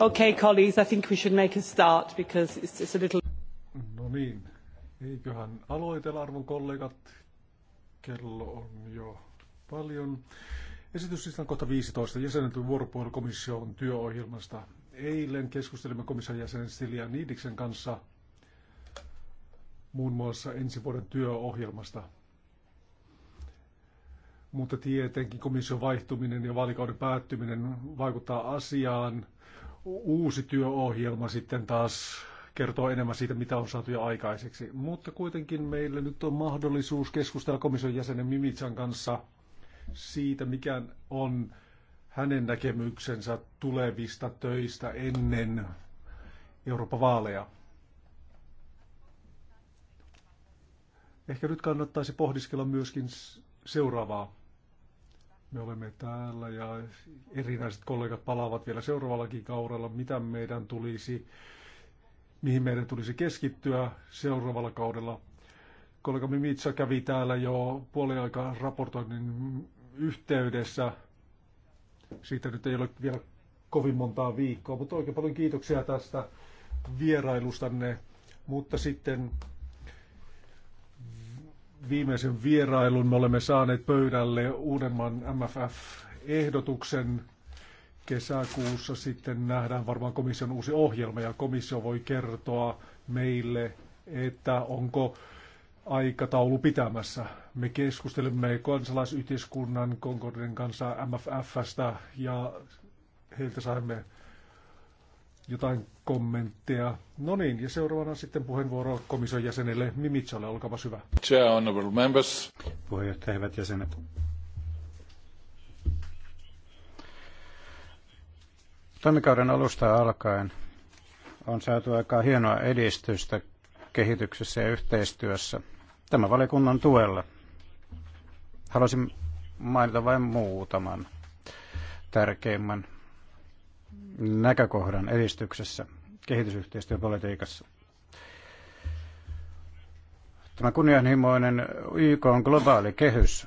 Okay, colleagues, I think we should make a start because it's, it's a little... No niin, eiköhän aloitella arvon kollegat. Kello on jo paljon. Esitys on kohta 15. Jäsenetty vuoropuhelu komission työohjelmasta. Eilen keskustelimme komission jäsenen Silja Niidiksen kanssa muun muassa ensi vuoden työohjelmasta. Mutta tietenkin komission vaihtuminen ja vaalikauden päättyminen vaikuttaa asiaan uusi työohjelma sitten taas kertoo enemmän siitä, mitä on saatu jo aikaiseksi. Mutta kuitenkin meillä nyt on mahdollisuus keskustella komission jäsenen Mimitsan kanssa siitä, mikä on hänen näkemyksensä tulevista töistä ennen Euroopan vaaleja. Ehkä nyt kannattaisi pohdiskella myöskin seuraavaa. Me olemme täällä ja erinäiset kollegat palaavat vielä seuraavallakin kaudella, mitä meidän tulisi, mihin meidän tulisi keskittyä seuraavalla kaudella. Kollega Mimitsa kävi täällä jo puolen aikaa raportoinnin yhteydessä. Siitä nyt ei ole vielä kovin montaa viikkoa, mutta oikein paljon kiitoksia tästä vierailustanne. Mutta sitten viimeisen vierailun me olemme saaneet pöydälle uudemman MFF-ehdotuksen. Kesäkuussa sitten nähdään varmaan komission uusi ohjelma ja komissio voi kertoa meille, että onko aikataulu pitämässä. Me keskustelemme kansalaisyhteiskunnan Concordin kanssa MFFstä ja heiltä saimme jotain kommentteja. No niin, ja seuraavana sitten puheenvuoro komission jäsenelle Mimitsalle, olkaapa hyvä. Chair, honorable members. Puheenjohtaja, hyvät jäsenet. Toimikauden alusta alkaen on saatu aika hienoa edistystä kehityksessä ja yhteistyössä tämän valiokunnan tuella. Haluaisin mainita vain muutaman tärkeimmän näkökohdan edistyksessä kehitysyhteistyöpolitiikassa. Tämä kunnianhimoinen YK on globaali kehys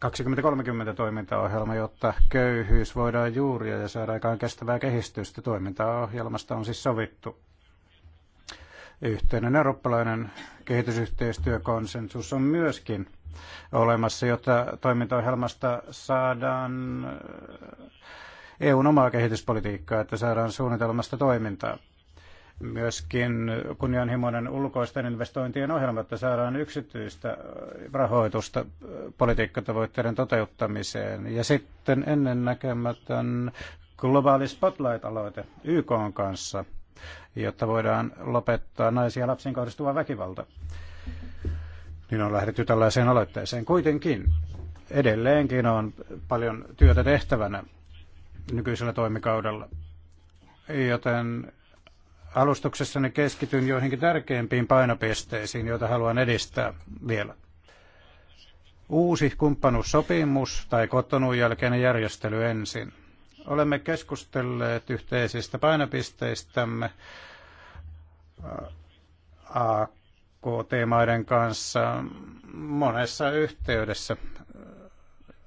2030 toimintaohjelma, jotta köyhyys voidaan juuria ja saada aikaan kestävää kehitystä. Toimintaohjelmasta on siis sovittu. Yhteinen eurooppalainen kehitysyhteistyökonsensus on myöskin olemassa, jotta toimintaohjelmasta saadaan EUn omaa kehityspolitiikkaa, että saadaan suunnitelmasta toimintaa. Myöskin kunnianhimoinen ulkoisten investointien ohjelma, että saadaan yksityistä rahoitusta politiikkatavoitteiden toteuttamiseen. Ja sitten ennennäkemätön globaali Spotlight-aloite YK on kanssa, jotta voidaan lopettaa naisia ja lapsiin kohdistuva väkivalta. Niin on lähdetty tällaiseen aloitteeseen. Kuitenkin edelleenkin on paljon työtä tehtävänä nykyisellä toimikaudella. Joten alustuksessani keskityn joihinkin tärkeimpiin painopisteisiin, joita haluan edistää vielä. Uusi kumppanuussopimus tai kotonuun jälkeinen järjestely ensin. Olemme keskustelleet yhteisistä painopisteistämme AKT-maiden kanssa monessa yhteydessä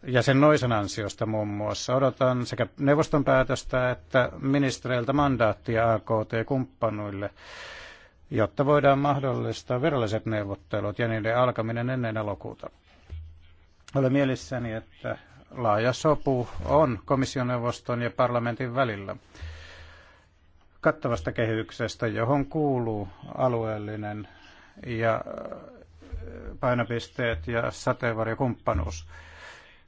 ja sen noisen ansiosta muun muassa. Odotan sekä neuvoston päätöstä että ministereiltä mandaattia AKT-kumppanuille, jotta voidaan mahdollistaa viralliset neuvottelut ja niiden alkaminen ennen elokuuta. Olen mielissäni, että laaja sopu on komissioneuvoston ja parlamentin välillä kattavasta kehyksestä, johon kuuluu alueellinen ja painopisteet ja sateenvarjokumppanuus. kumppanuus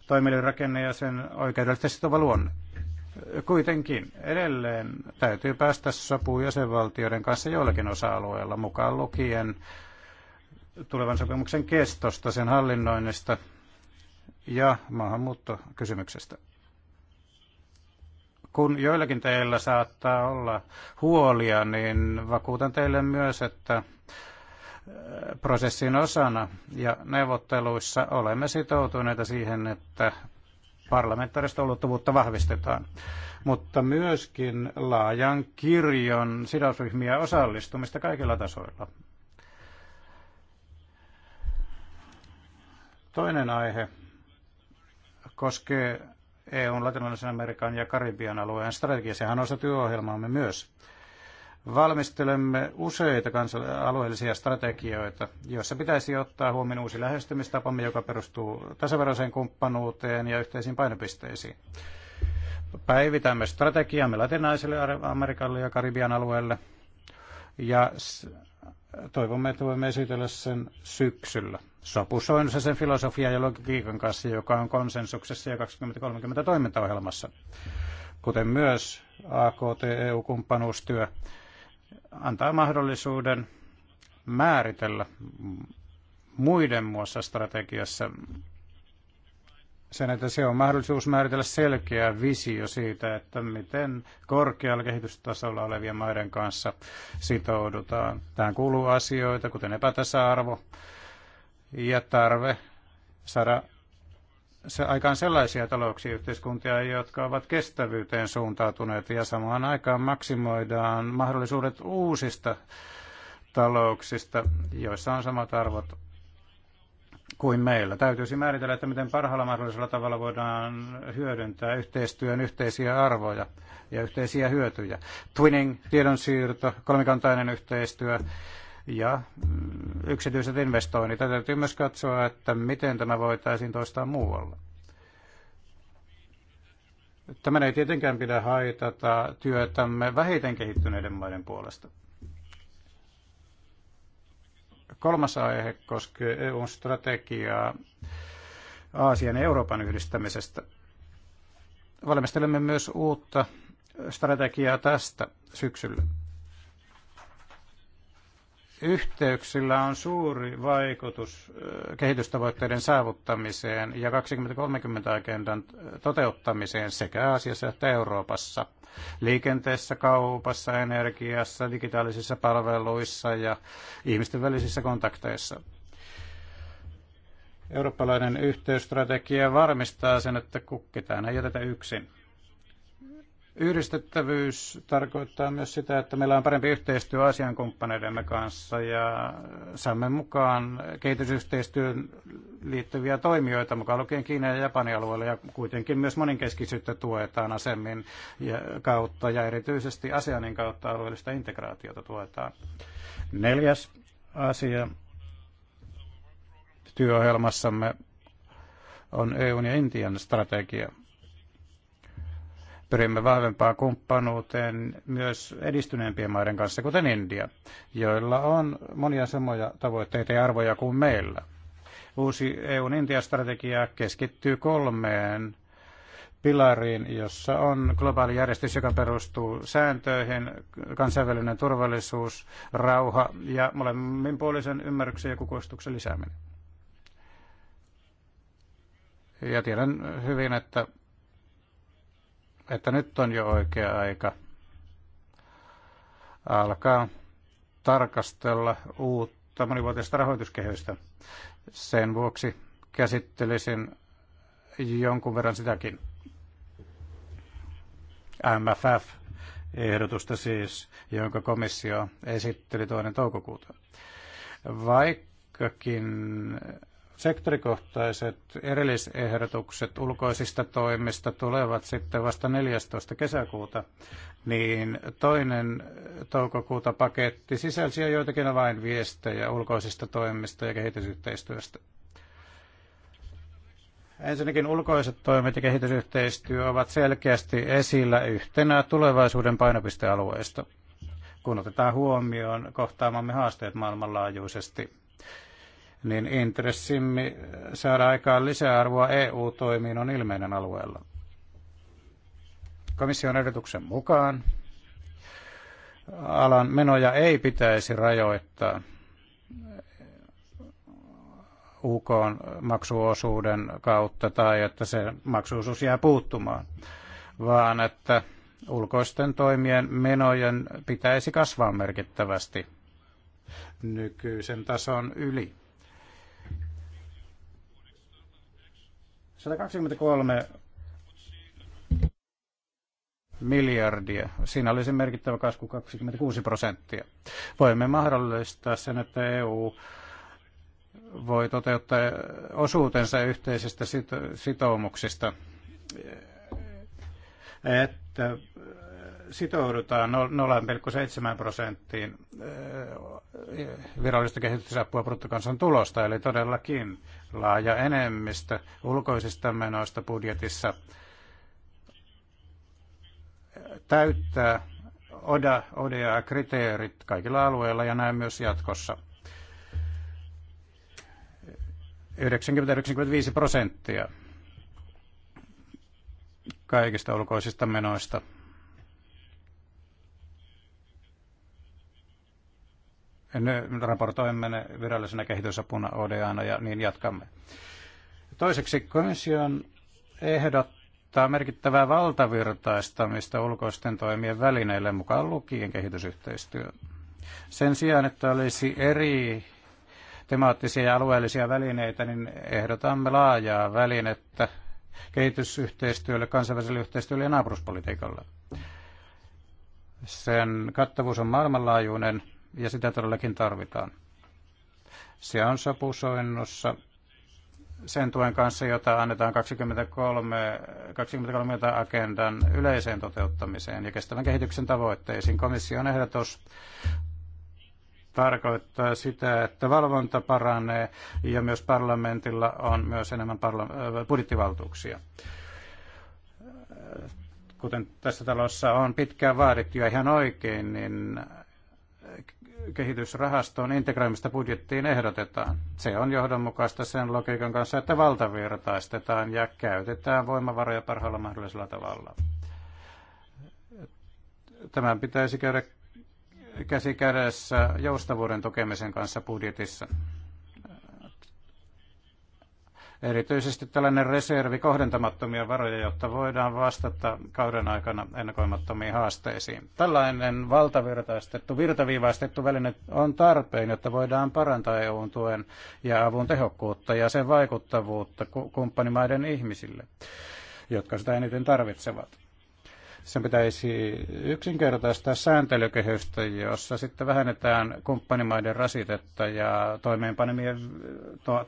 toimielin rakenne ja sen oikeudellisesti sitova luonne. Kuitenkin edelleen täytyy päästä sopuun jäsenvaltioiden kanssa joillakin osa-alueilla, mukaan lukien tulevan sopimuksen kestosta, sen hallinnoinnista ja maahanmuuttokysymyksestä. Kun joillakin teillä saattaa olla huolia, niin vakuutan teille myös, että prosessin osana ja neuvotteluissa olemme sitoutuneita siihen, että parlamentaarista ulottuvuutta vahvistetaan, mutta myöskin laajan kirjon sidosryhmiä osallistumista kaikilla tasoilla. Toinen aihe koskee EUn, Latinalaisen Amerikan ja Karibian alueen strategia. Sehän on osa työohjelmaamme myös. Valmistelemme useita alueellisia strategioita, joissa pitäisi ottaa huomioon uusi lähestymistapamme, joka perustuu tasaveroiseen kumppanuuteen ja yhteisiin painopisteisiin. Päivitämme strategiamme latinaiselle Amerikalle ja Karibian alueelle ja toivomme, että voimme esitellä sen syksyllä. Sopusoinnussa sen filosofian ja logiikan kanssa, joka on konsensuksessa ja 2030 toimintaohjelmassa, kuten myös AKT-EU-kumppanuustyö, antaa mahdollisuuden määritellä muiden muassa strategiassa sen, että se on mahdollisuus määritellä selkeä visio siitä, että miten korkealla kehitystasolla olevien maiden kanssa sitoudutaan. Tähän kuuluu asioita, kuten epätasa-arvo ja tarve saada se aikaan sellaisia talouksia yhteiskuntia, jotka ovat kestävyyteen suuntautuneet ja samaan aikaan maksimoidaan mahdollisuudet uusista talouksista, joissa on samat arvot kuin meillä. Täytyisi määritellä, että miten parhaalla mahdollisella tavalla voidaan hyödyntää yhteistyön yhteisiä arvoja ja yhteisiä hyötyjä. Twinning, tiedonsiirto, kolmikantainen yhteistyö, ja mm, yksityiset investoinnit. täytyy myös katsoa, että miten tämä voitaisiin toistaa muualla. Tämä ei tietenkään pidä haitata työtämme vähiten kehittyneiden maiden puolesta. Kolmas aihe koskee EUn strategiaa Aasian ja Euroopan yhdistämisestä. Valmistelemme myös uutta strategiaa tästä syksyllä yhteyksillä on suuri vaikutus kehitystavoitteiden saavuttamiseen ja 2030-agendan toteuttamiseen sekä Aasiassa että Euroopassa. Liikenteessä, kaupassa, energiassa, digitaalisissa palveluissa ja ihmisten välisissä kontakteissa. Eurooppalainen yhteysstrategia varmistaa sen, että kukkitään ei jätetä yksin. Yhdistettävyys tarkoittaa myös sitä, että meillä on parempi yhteistyö asiankumppaneidemme kanssa ja saamme mukaan kehitysyhteistyön liittyviä toimijoita, mukaan lukien Kiina ja Japanin alueella ja kuitenkin myös moninkeskisyyttä tuetaan asemin kautta ja erityisesti asianin kautta alueellista integraatiota tuetaan. Neljäs asia työohjelmassamme on EUn ja Intian strategia – Pyrimme vahvempaan kumppanuuteen myös edistyneempien maiden kanssa, kuten India, joilla on monia samoja tavoitteita ja arvoja kuin meillä. Uusi EUn Intia-strategia keskittyy kolmeen pilariin, jossa on globaali järjestys, joka perustuu sääntöihin, kansainvälinen turvallisuus, rauha ja molemminpuolisen ymmärryksen ja kukoistuksen lisääminen. Ja tiedän hyvin, että että nyt on jo oikea aika alkaa tarkastella uutta monivuotista rahoituskehystä. Sen vuoksi käsittelisin jonkun verran sitäkin. MFF-ehdotusta siis, jonka komissio esitteli toinen toukokuuta. Vaikkakin Sektorikohtaiset erillisehdotukset ulkoisista toimista tulevat sitten vasta 14. kesäkuuta, niin toinen toukokuuta paketti sisälsi jo joitakin viestejä ulkoisista toimista ja kehitysyhteistyöstä. Ensinnäkin ulkoiset toimet ja kehitysyhteistyö ovat selkeästi esillä yhtenä tulevaisuuden painopistealueista, kun otetaan huomioon kohtaamamme haasteet maailmanlaajuisesti niin intressimme saada aikaan lisäarvoa EU-toimiin on ilmeinen alueella. Komission ehdotuksen mukaan alan menoja ei pitäisi rajoittaa UK maksuosuuden kautta tai että se maksuosuus jää puuttumaan, vaan että ulkoisten toimien menojen pitäisi kasvaa merkittävästi nykyisen tason yli. 123 miljardia. Siinä oli se merkittävä kasvu 26 prosenttia. Voimme mahdollistaa sen, että EU voi toteuttaa osuutensa yhteisistä sitoumuksista, että sitoudutaan 0,7 prosenttiin eh, virallista kehitysapua bruttokansantulosta, eli todellakin laaja enemmistö ulkoisista menoista budjetissa täyttää ODA, ODA-kriteerit kaikilla alueilla ja näin myös jatkossa. 90-95 prosenttia kaikista ulkoisista menoista raportoimme ne virallisena kehitysapuna ODAna ja niin jatkamme. Toiseksi komission ehdottaa merkittävää valtavirtaistamista ulkoisten toimien välineille mukaan lukien kehitysyhteistyö. Sen sijaan, että olisi eri temaattisia ja alueellisia välineitä, niin ehdotamme laajaa välinettä kehitysyhteistyölle, kansainväliselle yhteistyölle ja naapuruspolitiikalle. Sen kattavuus on maailmanlaajuinen ja sitä todellakin tarvitaan. Se on sopusoinnussa sen tuen kanssa, jota annetaan 23, 23 agendan yleiseen toteuttamiseen ja kestävän kehityksen tavoitteisiin. Komission ehdotus tarkoittaa sitä, että valvonta paranee ja myös parlamentilla on myös enemmän parla- äh, budjettivaltuuksia. Kuten tässä talossa on pitkään vaadittu ja ihan oikein, niin kehitysrahastoon integroimista budjettiin ehdotetaan. Se on johdonmukaista sen logiikan kanssa, että valtavirtaistetaan ja käytetään voimavaroja parhaalla mahdollisella tavalla. Tämän pitäisi käydä käsi kädessä joustavuuden tukemisen kanssa budjetissa. Erityisesti tällainen reservi kohdentamattomia varoja, jotta voidaan vastata kauden aikana ennakoimattomiin haasteisiin. Tällainen valtavirtaistettu, virtaviivaistettu väline on tarpeen, jotta voidaan parantaa EUn tuen ja avun tehokkuutta ja sen vaikuttavuutta kumppanimaiden ihmisille, jotka sitä eniten tarvitsevat. Sen pitäisi yksinkertaistaa sääntelykehystä, jossa sitten vähennetään kumppanimaiden rasitetta ja toimeenpanemien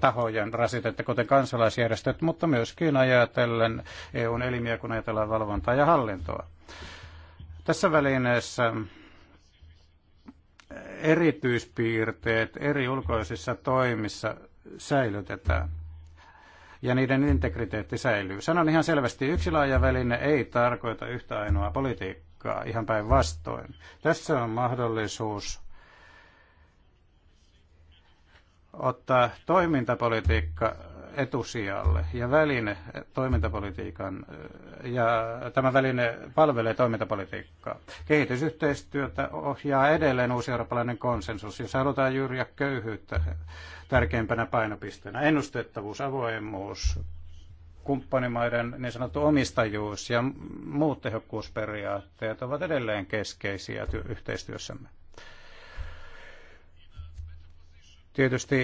tahojen rasitetta, kuten kansalaisjärjestöt, mutta myöskin ajatellen EUn elimiä, kun ajatellaan valvontaa ja hallintoa. Tässä välineessä erityispiirteet eri ulkoisissa toimissa säilytetään ja niiden integriteetti säilyy. Sanon ihan selvästi, yksi laaja väline ei tarkoita yhtä ainoa politiikkaa, ihan päinvastoin. Tässä on mahdollisuus ottaa toimintapolitiikka etusijalle ja väline toimintapolitiikan, ja tämä väline palvelee toimintapolitiikkaa. Kehitysyhteistyötä ohjaa edelleen uusi eurooppalainen konsensus. Jos halutaan jyrjä köyhyyttä, tärkeimpänä painopisteenä. Ennustettavuus, avoimuus, kumppanimaiden niin sanottu omistajuus ja muut tehokkuusperiaatteet ovat edelleen keskeisiä yhteistyössämme. Tietysti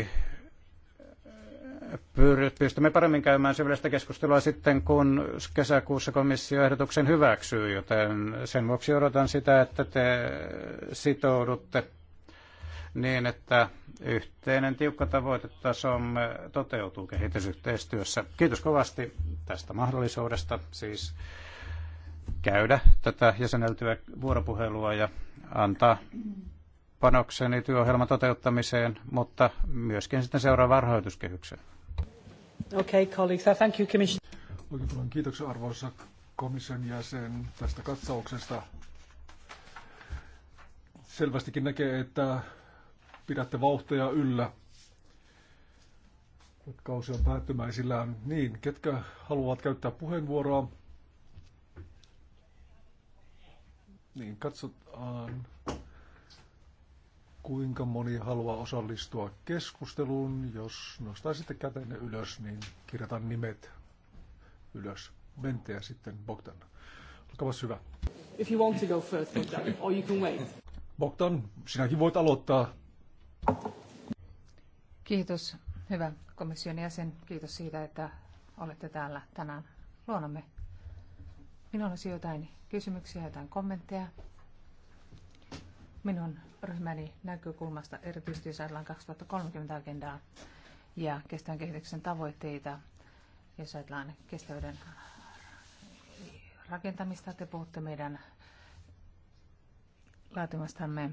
eh, pystymme paremmin käymään syvällistä keskustelua sitten, kun kesäkuussa komissio ehdotuksen hyväksyy, joten sen vuoksi odotan sitä, että te sitoudutte niin, että yhteinen tiukka tavoitetasomme toteutuu kehitysyhteistyössä. Kiitos kovasti tästä mahdollisuudesta siis käydä tätä jäseneltyä vuoropuhelua ja antaa panokseni työohjelman toteuttamiseen, mutta myöskin sitten seuraavaan rahoituskehykseen. Okay, colleagues, thank you, commission. Oikein paljon kiitoksia arvoisa komission jäsen tästä katsauksesta. Selvästikin näkee, että pidätte vauhtia yllä. Nyt kausi on päättymäisillään. Niin, ketkä haluavat käyttää puheenvuoroa? Niin, katsotaan kuinka moni haluaa osallistua keskusteluun. Jos nostaisitte kätenne ylös, niin kirjataan nimet ylös. Bente ja sitten Bogdan. Olkaa hyvä. If you want to go first, Bogdan, or you can wait. Bogdan, sinäkin voit aloittaa. Kiitos, hyvä komission jäsen. Kiitos siitä, että olette täällä tänään luonamme. Minulla olisi jotain kysymyksiä, jotain kommentteja. Minun ryhmäni näkökulmasta erityisesti jos ajatellaan 2030-agendaa ja kestävän kehityksen tavoitteita, jos ajatellaan kestävyyden rakentamista, te puhutte meidän laatimastamme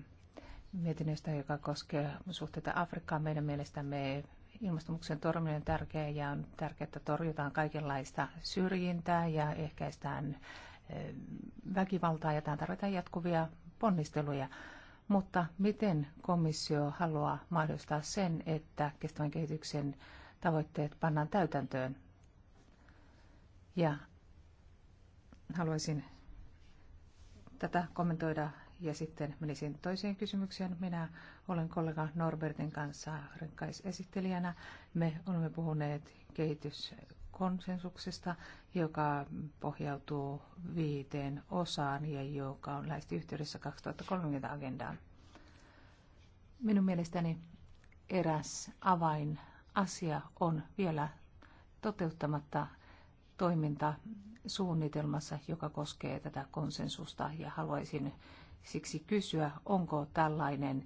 mietinnöstä, joka koskee suhteita Afrikkaan. Meidän mielestämme ilmastonmuutoksen torjuminen on tärkeää ja on tärkeää, että torjutaan kaikenlaista syrjintää ja ehkäistään eh, väkivaltaa ja tähän tarvitaan jatkuvia ponnisteluja. Mutta miten komissio haluaa mahdollistaa sen, että kestävän kehityksen tavoitteet pannaan täytäntöön? Ja haluaisin tätä kommentoida ja sitten menisin toiseen kysymykseen. Minä olen kollega Norbertin kanssa rinkkaisesittelijänä. Me olemme puhuneet kehityskonsensuksesta, joka pohjautuu viiteen osaan ja joka on lähes yhteydessä 2030-agendaan. Minun mielestäni eräs avainasia on vielä toteuttamatta toimintasuunnitelmassa, joka koskee tätä konsensusta ja haluaisin siksi kysyä, onko tällainen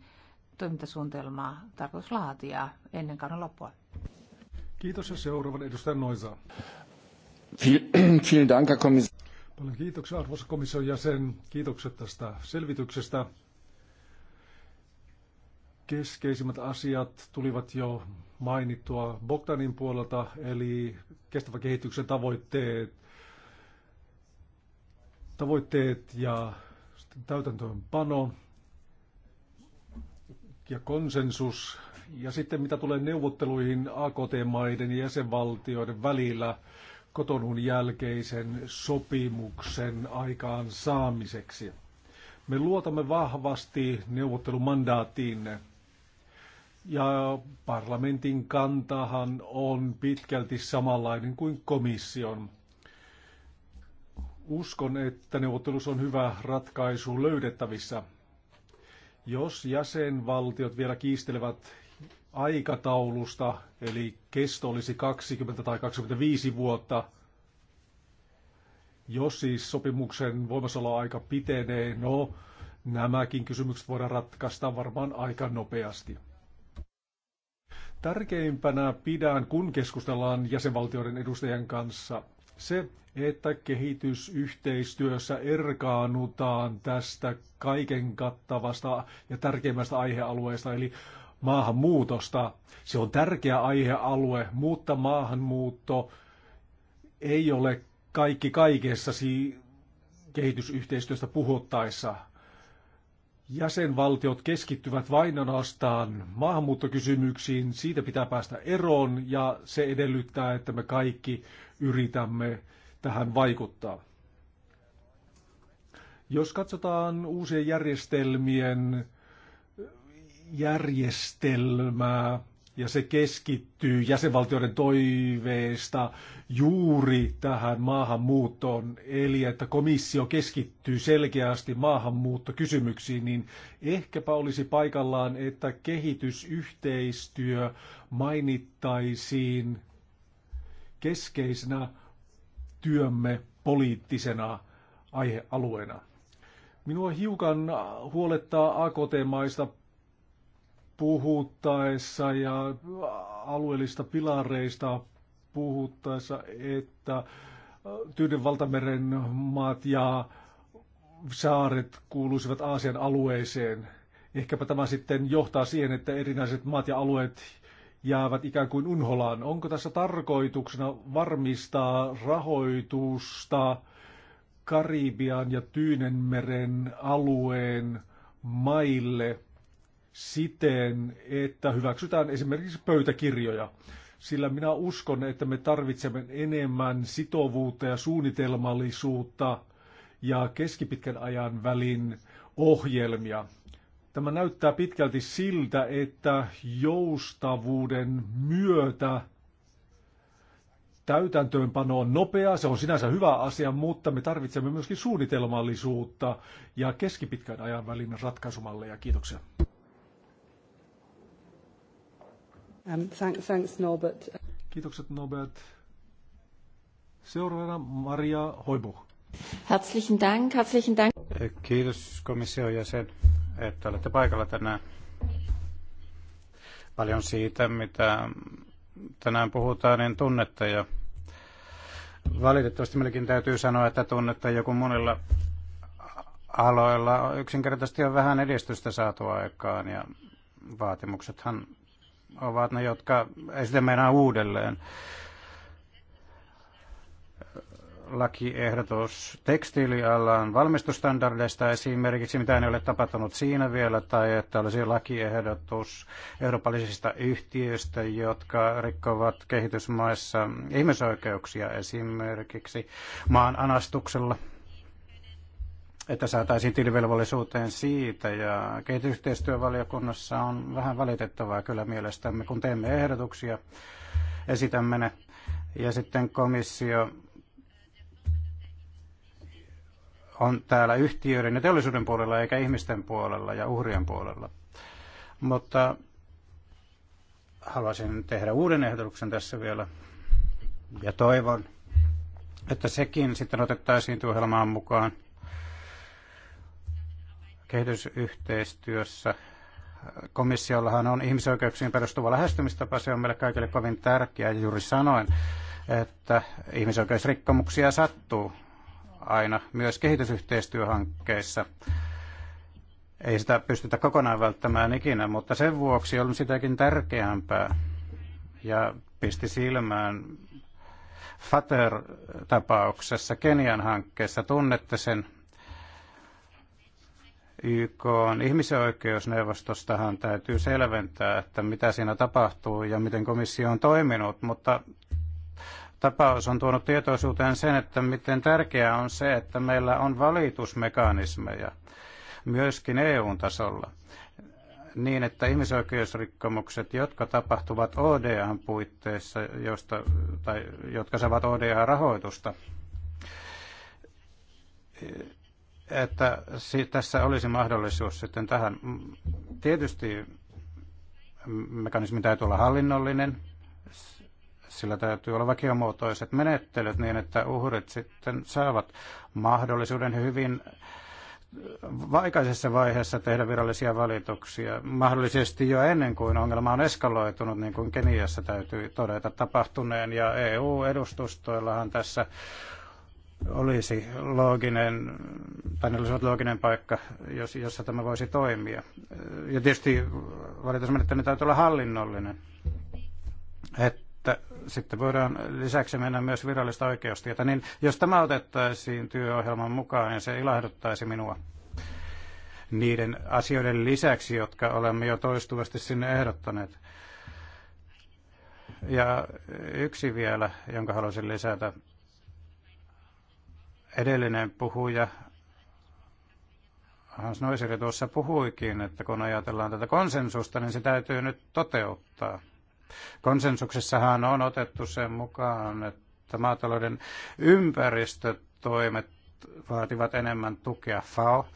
toimintasuunnitelma tarkoitus laatia ennen kauden loppua. Kiitos ja seuraavan edustaja Noisa. Vielen Dank, Paljon kiitoksia arvoisa komission jäsen. Kiitokset tästä selvityksestä. Keskeisimmät asiat tulivat jo mainittua Bogdanin puolelta, eli kestävän kehityksen tavoitteet, tavoitteet ja täytäntöönpano ja konsensus. Ja sitten mitä tulee neuvotteluihin AKT-maiden ja jäsenvaltioiden välillä kotonun jälkeisen sopimuksen aikaan saamiseksi. Me luotamme vahvasti neuvottelumandaattiin ja parlamentin kantahan on pitkälti samanlainen kuin komission. Uskon, että neuvottelussa on hyvä ratkaisu löydettävissä. Jos jäsenvaltiot vielä kiistelevät aikataulusta, eli kesto olisi 20 tai 25 vuotta, jos siis sopimuksen voimassaoloaika pitenee, no nämäkin kysymykset voidaan ratkaista varmaan aika nopeasti. Tärkeimpänä pidän, kun keskustellaan jäsenvaltioiden edustajien kanssa, se, että kehitysyhteistyössä erkaanutaan tästä kaiken kattavasta ja tärkeimmästä aihealueesta, eli maahanmuutosta. Se on tärkeä aihealue, mutta maahanmuutto ei ole kaikki kaikessa kehitysyhteistyöstä puhuttaessa jäsenvaltiot keskittyvät vain ainoastaan maahanmuuttokysymyksiin. Siitä pitää päästä eroon ja se edellyttää, että me kaikki yritämme tähän vaikuttaa. Jos katsotaan uusien järjestelmien järjestelmää, ja se keskittyy jäsenvaltioiden toiveesta juuri tähän maahanmuuttoon, eli että komissio keskittyy selkeästi maahanmuuttokysymyksiin, niin ehkäpä olisi paikallaan, että kehitysyhteistyö mainittaisiin keskeisenä työmme poliittisena aihealueena. Minua hiukan huolettaa AKT-maista puhuttaessa ja alueellista pilareista puhuttaessa, että äh, Tyyden valtameren maat ja saaret kuuluisivat Aasian alueeseen. Ehkäpä tämä sitten johtaa siihen, että erinäiset maat ja alueet jäävät ikään kuin unholaan. Onko tässä tarkoituksena varmistaa rahoitusta Karibian ja Tyynenmeren alueen maille – siten, että hyväksytään esimerkiksi pöytäkirjoja. Sillä minä uskon, että me tarvitsemme enemmän sitovuutta ja suunnitelmallisuutta ja keskipitkän ajan välin ohjelmia. Tämä näyttää pitkälti siltä, että joustavuuden myötä täytäntöönpano on nopea, se on sinänsä hyvä asia, mutta me tarvitsemme myöskin suunnitelmallisuutta ja keskipitkän ajan välin ratkaisumalleja. Kiitoksia. Um, thank, thanks Norbert. Kiitokset Norbert. Seuraavana Maria Hoibuch. Herzlichen Dank, herzlichen Dank. Kiitos komission jäsen, että olette paikalla tänään. Paljon siitä, mitä tänään puhutaan, niin tunnetta ja valitettavasti melkein täytyy sanoa, että tunnetta joku monilla aloilla yksinkertaisesti on vähän edistystä saatu aikaan ja vaatimuksethan ovat ne, jotka ei uudelleen. Lakiehdotus tekstiilialan valmistustandardeista esimerkiksi, mitä ei ole tapahtunut siinä vielä, tai että olisi lakiehdotus eurooppalaisista yhtiöistä, jotka rikkovat kehitysmaissa ihmisoikeuksia esimerkiksi maan anastuksella että saataisiin tilivelvollisuuteen siitä. Ja kehitysyhteistyövaliokunnassa on vähän valitettavaa kyllä mielestämme, kun teemme ehdotuksia, esitämme ne. Ja sitten komissio on täällä yhtiöiden ja teollisuuden puolella eikä ihmisten puolella ja uhrien puolella. Mutta haluaisin tehdä uuden ehdotuksen tässä vielä ja toivon, että sekin sitten otettaisiin työohjelmaan mukaan – kehitysyhteistyössä. Komissiollahan on ihmisoikeuksiin perustuva lähestymistapa, se on meille kaikille kovin tärkeä. Ja juuri sanoin, että ihmisoikeusrikkomuksia sattuu aina myös kehitysyhteistyöhankkeissa. Ei sitä pystytä kokonaan välttämään ikinä, mutta sen vuoksi on sitäkin tärkeämpää. Ja pisti silmään Fater-tapauksessa, Kenian hankkeessa, tunnette sen, YK on ihmisoikeusneuvostostahan täytyy selventää, että mitä siinä tapahtuu ja miten komissio on toiminut, mutta tapaus on tuonut tietoisuuteen sen, että miten tärkeää on se, että meillä on valitusmekanismeja myöskin EU-tasolla niin, että ihmisoikeusrikkomukset, jotka tapahtuvat oda puitteissa, josta, tai jotka saavat ODA-rahoitusta, että tässä olisi mahdollisuus sitten tähän. Mm, tietysti mekanismi täytyy olla hallinnollinen, sillä täytyy olla vakiomuotoiset menettelyt niin, että uhrit sitten saavat mahdollisuuden hyvin vaikaisessa vaiheessa tehdä virallisia valituksia, mahdollisesti jo ennen kuin ongelma on eskaloitunut, niin kuin Keniassa täytyy todeta tapahtuneen, ja EU-edustustoillahan tässä olisi looginen, tai ne olisivat looginen paikka, jos, jossa tämä voisi toimia. Ja tietysti valitusmenettely täytyy olla hallinnollinen, että sitten voidaan lisäksi mennä myös virallista oikeustietä. Niin jos tämä otettaisiin työohjelman mukaan, niin se ilahduttaisi minua niiden asioiden lisäksi, jotka olemme jo toistuvasti sinne ehdottaneet. Ja yksi vielä, jonka haluaisin lisätä, Edellinen puhuja Hans Noiseri tuossa puhuikin, että kun ajatellaan tätä konsensusta, niin se täytyy nyt toteuttaa. Konsensuksessahan on otettu sen mukaan, että maatalouden ympäristötoimet vaativat enemmän tukea. FAO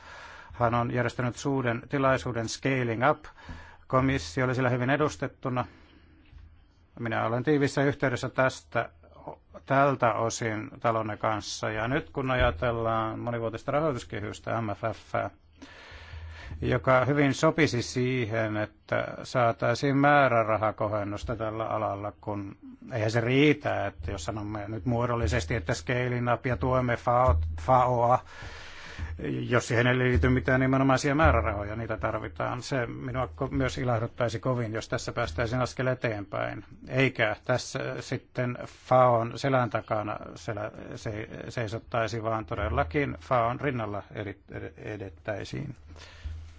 hän on järjestänyt suuden tilaisuuden Scaling Up. Komissio oli sillä hyvin edustettuna. Minä olen tiivissä yhteydessä tästä tältä osin talonne kanssa. Ja nyt kun ajatellaan monivuotista rahoituskehystä MFF, joka hyvin sopisi siihen, että saataisiin määrärahakohennusta tällä alalla, kun eihän se riitä, että jos sanomme nyt muodollisesti, että scaling up ja tuemme FAOa, jos siihen ei liity mitään nimenomaisia niin määrärahoja, niitä tarvitaan. Se minua myös ilahduttaisi kovin, jos tässä päästäisiin askel eteenpäin. Eikä tässä sitten FAON selän takana selä, se, seisottaisi, vaan todellakin FAON rinnalla edettäisiin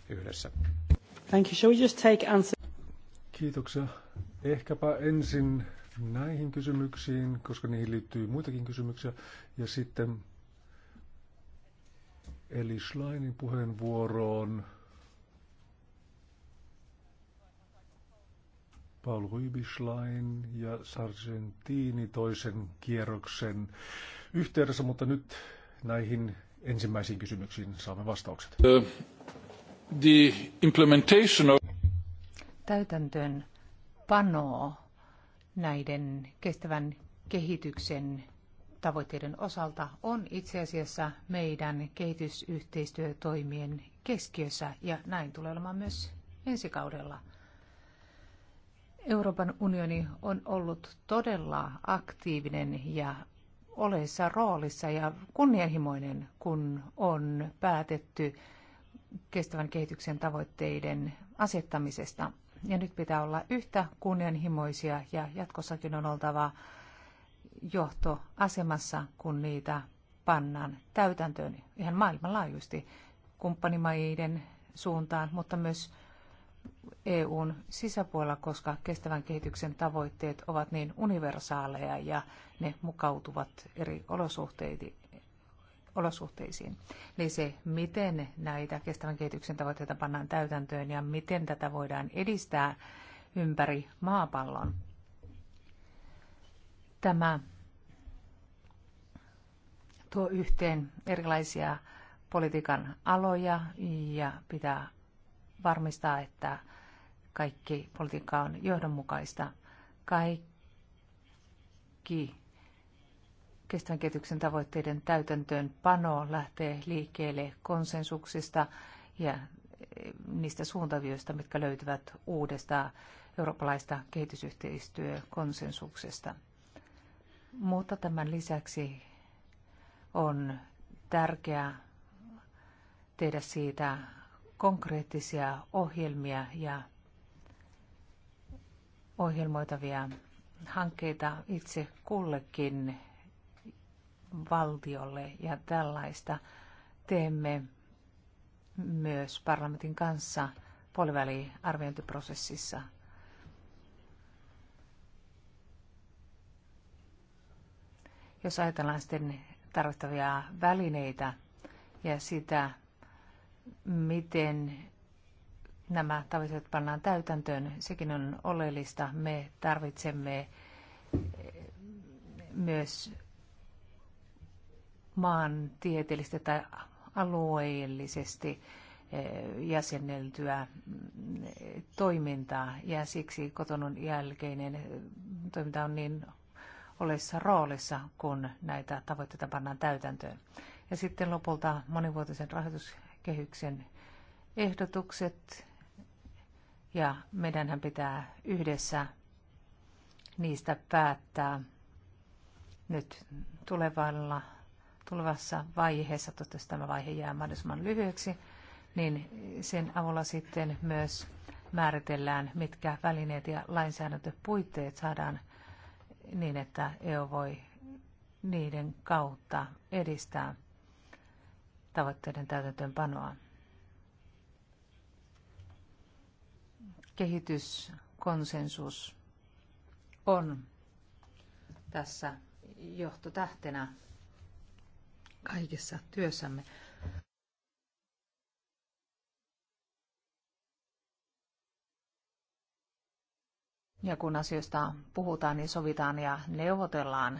yhdessä. Thank you. Shall we just take answer? Kiitoksia. Ehkäpä ensin näihin kysymyksiin, koska niihin liittyy muitakin kysymyksiä, ja sitten Eli Schleinin puheenvuoroon Paul Rübischlein ja Sargentini toisen kierroksen yhteydessä, mutta nyt näihin ensimmäisiin kysymyksiin saamme vastaukset. the implementation of... Täytäntöön panoa näiden kestävän kehityksen tavoitteiden osalta on itse asiassa meidän kehitysyhteistyötoimien keskiössä ja näin tulee olemaan myös ensi kaudella. Euroopan unioni on ollut todella aktiivinen ja oleessa roolissa ja kunnianhimoinen, kun on päätetty kestävän kehityksen tavoitteiden asettamisesta. Ja nyt pitää olla yhtä kunnianhimoisia ja jatkossakin on oltava johtoasemassa, kun niitä pannaan täytäntöön ihan maailmanlaajuisesti kumppanimaiden suuntaan, mutta myös EUn sisäpuolella, koska kestävän kehityksen tavoitteet ovat niin universaaleja ja ne mukautuvat eri olosuhteisiin. Eli se, miten näitä kestävän kehityksen tavoitteita pannaan täytäntöön ja miten tätä voidaan edistää ympäri maapallon. Tämä tuo yhteen erilaisia politiikan aloja ja pitää varmistaa, että kaikki politiikka on johdonmukaista. Kaikki kestävän kehityksen tavoitteiden täytäntöön pano lähtee liikkeelle konsensuksista ja niistä suuntavioista, mitkä löytyvät uudesta eurooppalaista kehitysyhteistyökonsensuksesta. Mutta tämän lisäksi on tärkeää tehdä siitä konkreettisia ohjelmia ja ohjelmoitavia hankkeita itse kullekin valtiolle ja tällaista teemme myös parlamentin kanssa puoliväliarviointiprosessissa. Jos ajatellaan sitten tarvittavia välineitä ja sitä, miten nämä tavoitteet pannaan täytäntöön. Sekin on oleellista. Me tarvitsemme eh, myös maantieteellisesti tai alueellisesti eh, jäsenneltyä mm, toimintaa ja siksi kotonun jälkeinen eh, toiminta on niin olevissa roolissa, kun näitä tavoitteita pannaan täytäntöön. Ja sitten lopulta monivuotisen rahoituskehyksen ehdotukset. Ja meidänhän pitää yhdessä niistä päättää nyt tulevalla, tulevassa vaiheessa, toivottavasti tämä vaihe jää mahdollisimman lyhyeksi, niin sen avulla sitten myös määritellään, mitkä välineet ja lainsäädäntöpuitteet saadaan niin, että EU voi niiden kautta edistää tavoitteiden täytäntöönpanoa. Kehityskonsensus on tässä johtotähtenä kaikessa työssämme. Ja kun asioista puhutaan, niin sovitaan ja neuvotellaan.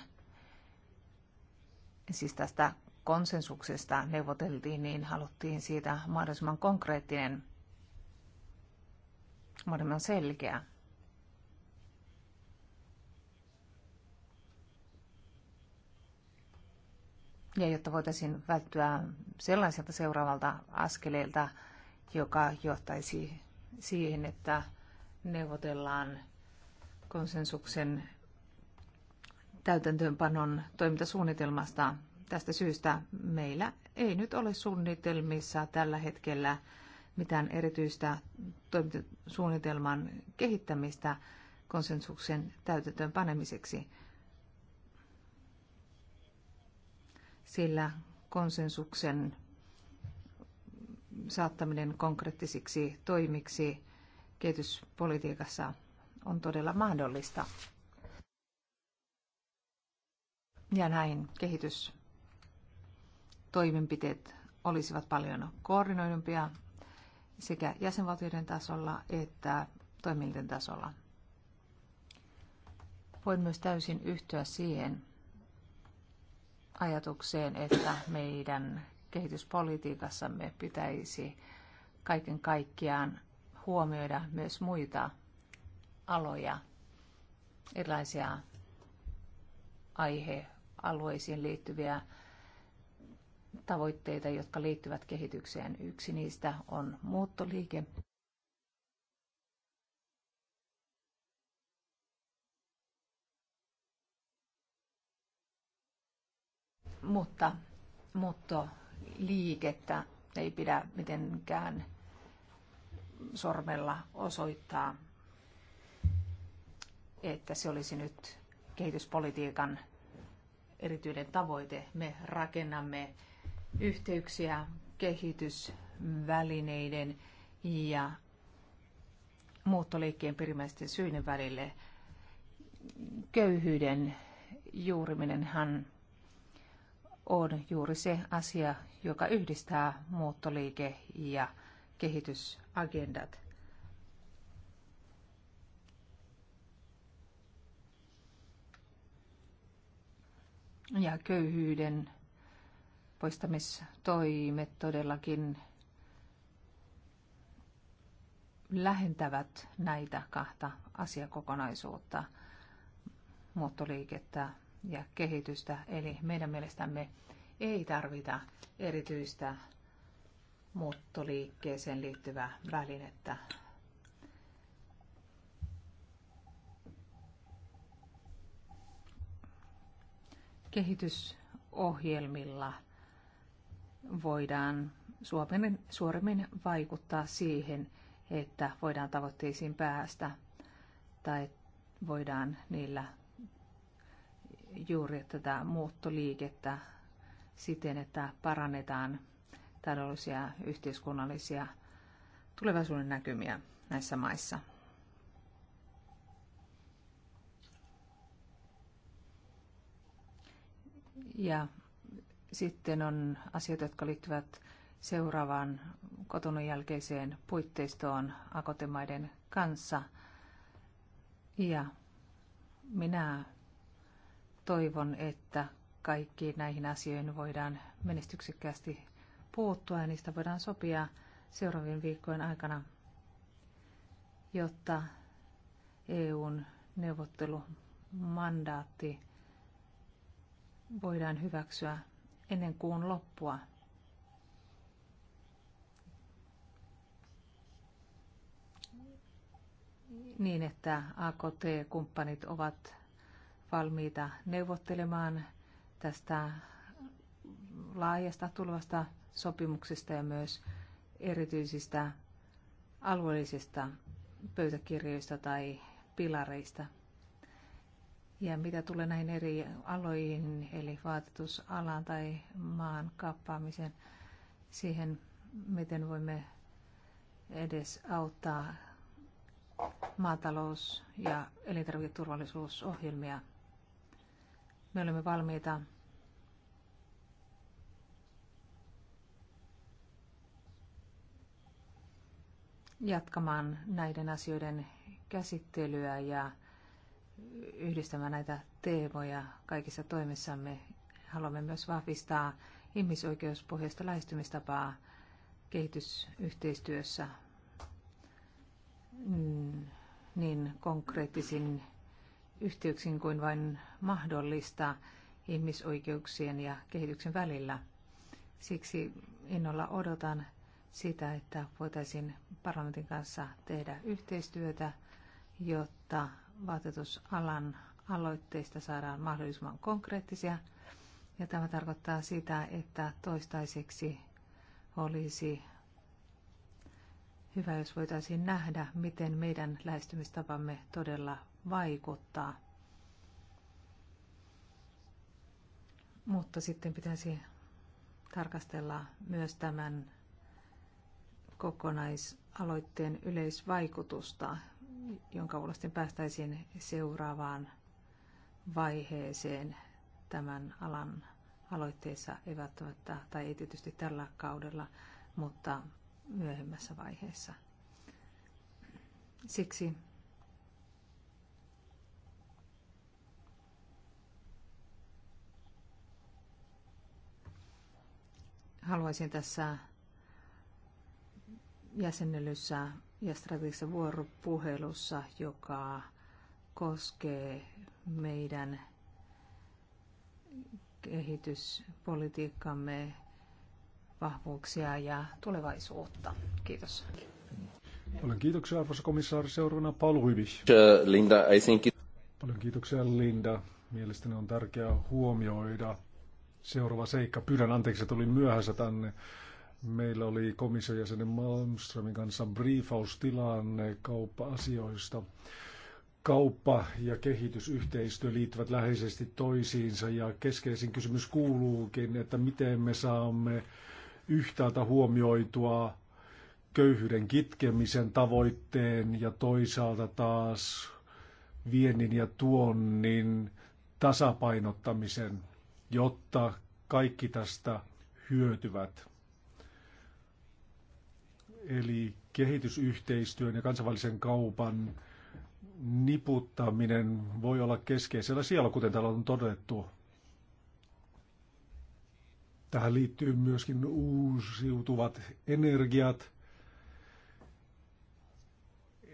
Siis tästä konsensuksesta neuvoteltiin, niin haluttiin siitä mahdollisimman konkreettinen, mahdollisimman selkeä. Ja jotta voitaisiin välttyä sellaiselta seuraavalta askeleelta, joka johtaisi siihen, että neuvotellaan konsensuksen täytäntöönpanon toimintasuunnitelmasta. Tästä syystä meillä ei nyt ole suunnitelmissa tällä hetkellä mitään erityistä toimintasuunnitelman kehittämistä konsensuksen täytäntöönpanemiseksi, sillä konsensuksen saattaminen konkreettisiksi toimiksi kehityspolitiikassa on todella mahdollista. Ja näin kehitys toimenpiteet olisivat paljon koordinoidumpia sekä jäsenvaltioiden tasolla että toimijoiden tasolla. Voin myös täysin yhtyä siihen ajatukseen, että meidän kehityspolitiikassamme pitäisi kaiken kaikkiaan huomioida myös muita aloja, erilaisia aihealueisiin liittyviä tavoitteita, jotka liittyvät kehitykseen. Yksi niistä on muuttoliike. Mutta muuttoliikettä ei pidä mitenkään sormella osoittaa että se olisi nyt kehityspolitiikan erityinen tavoite. Me rakennamme yhteyksiä kehitysvälineiden ja muuttoliikkeen perimmäisten syiden välille. Köyhyyden juuriminenhan on juuri se asia, joka yhdistää muuttoliike- ja kehitysagendat. Ja köyhyyden poistamistoimet todellakin lähentävät näitä kahta asiakokonaisuutta, muuttoliikettä ja kehitystä. Eli meidän mielestämme ei tarvita erityistä muuttoliikkeeseen liittyvää välinettä kehitysohjelmilla voidaan Suomen, suoremmin vaikuttaa siihen, että voidaan tavoitteisiin päästä tai voidaan niillä juuri tätä muuttoliikettä siten, että parannetaan taloudellisia yhteiskunnallisia tulevaisuuden näkymiä näissä maissa. Ja sitten on asioita, jotka liittyvät seuraavaan kotonun jälkeiseen puitteistoon akotemaiden kanssa. Ja minä toivon, että kaikki näihin asioihin voidaan menestyksekkäästi puuttua ja niistä voidaan sopia seuraavien viikkojen aikana, jotta EUn neuvottelumandaatti voidaan hyväksyä ennen kuun loppua. Niin, että AKT-kumppanit ovat valmiita neuvottelemaan tästä laajasta tulvasta sopimuksesta ja myös erityisistä alueellisista pöytäkirjoista tai pilareista – ja mitä tulee näihin eri aloihin, eli vaatetusalaan tai maan kappaamiseen, siihen miten voimme edes auttaa maatalous- ja elintarviketurvallisuusohjelmia. Me olemme valmiita jatkamaan näiden asioiden käsittelyä ja yhdistämään näitä teemoja kaikissa toimissamme. Haluamme myös vahvistaa ihmisoikeuspohjaista lähestymistapaa kehitysyhteistyössä mm, niin konkreettisin yhteyksin kuin vain mahdollista ihmisoikeuksien ja kehityksen välillä. Siksi innolla odotan sitä, että voitaisiin parlamentin kanssa tehdä yhteistyötä, jotta vaatetusalan aloitteista saadaan mahdollisimman konkreettisia. Ja tämä tarkoittaa sitä, että toistaiseksi olisi hyvä, jos voitaisiin nähdä, miten meidän lähestymistapamme todella vaikuttaa. Mutta sitten pitäisi tarkastella myös tämän kokonaisaloitteen yleisvaikutusta jonka avulla sitten päästäisiin seuraavaan vaiheeseen tämän alan aloitteessa, ei välttämättä, tai ei tietysti tällä kaudella, mutta myöhemmässä vaiheessa. Siksi haluaisin tässä jäsennellyssä ja strategisessa vuoropuhelussa, joka koskee meidän kehityspolitiikkamme vahvuuksia ja tulevaisuutta. Kiitos. Paljon kiitoksia, arvoisa komissaari. Seuraavana Paul Huivish. Linda, I think it... Paljon kiitoksia, Linda. Mielestäni on tärkeää huomioida seuraava seikka. Pyydän anteeksi, että tulin myöhässä tänne. Meillä oli komission jäsenen Malmströmin kanssa briefaustilanne kauppa-asioista. Kauppa ja kehitysyhteistyö liittyvät läheisesti toisiinsa ja keskeisin kysymys kuuluukin, että miten me saamme yhtäältä huomioitua köyhyyden kitkemisen tavoitteen ja toisaalta taas viennin ja tuonnin tasapainottamisen, jotta kaikki tästä hyötyvät. Eli kehitysyhteistyön ja kansainvälisen kaupan niputtaminen voi olla keskeisellä siellä, kuten täällä on todettu. Tähän liittyy myöskin uusiutuvat energiat.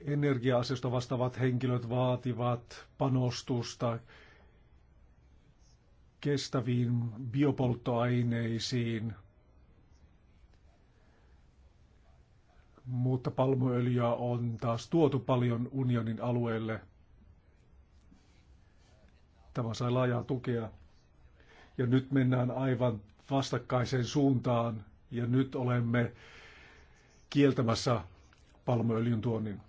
Energia-asioista vastaavat henkilöt vaativat panostusta kestäviin biopolttoaineisiin – mutta palmuöljyä on taas tuotu paljon unionin alueelle. Tämä sai laajaa tukea. Ja nyt mennään aivan vastakkaiseen suuntaan ja nyt olemme kieltämässä palmuöljyn tuonnin.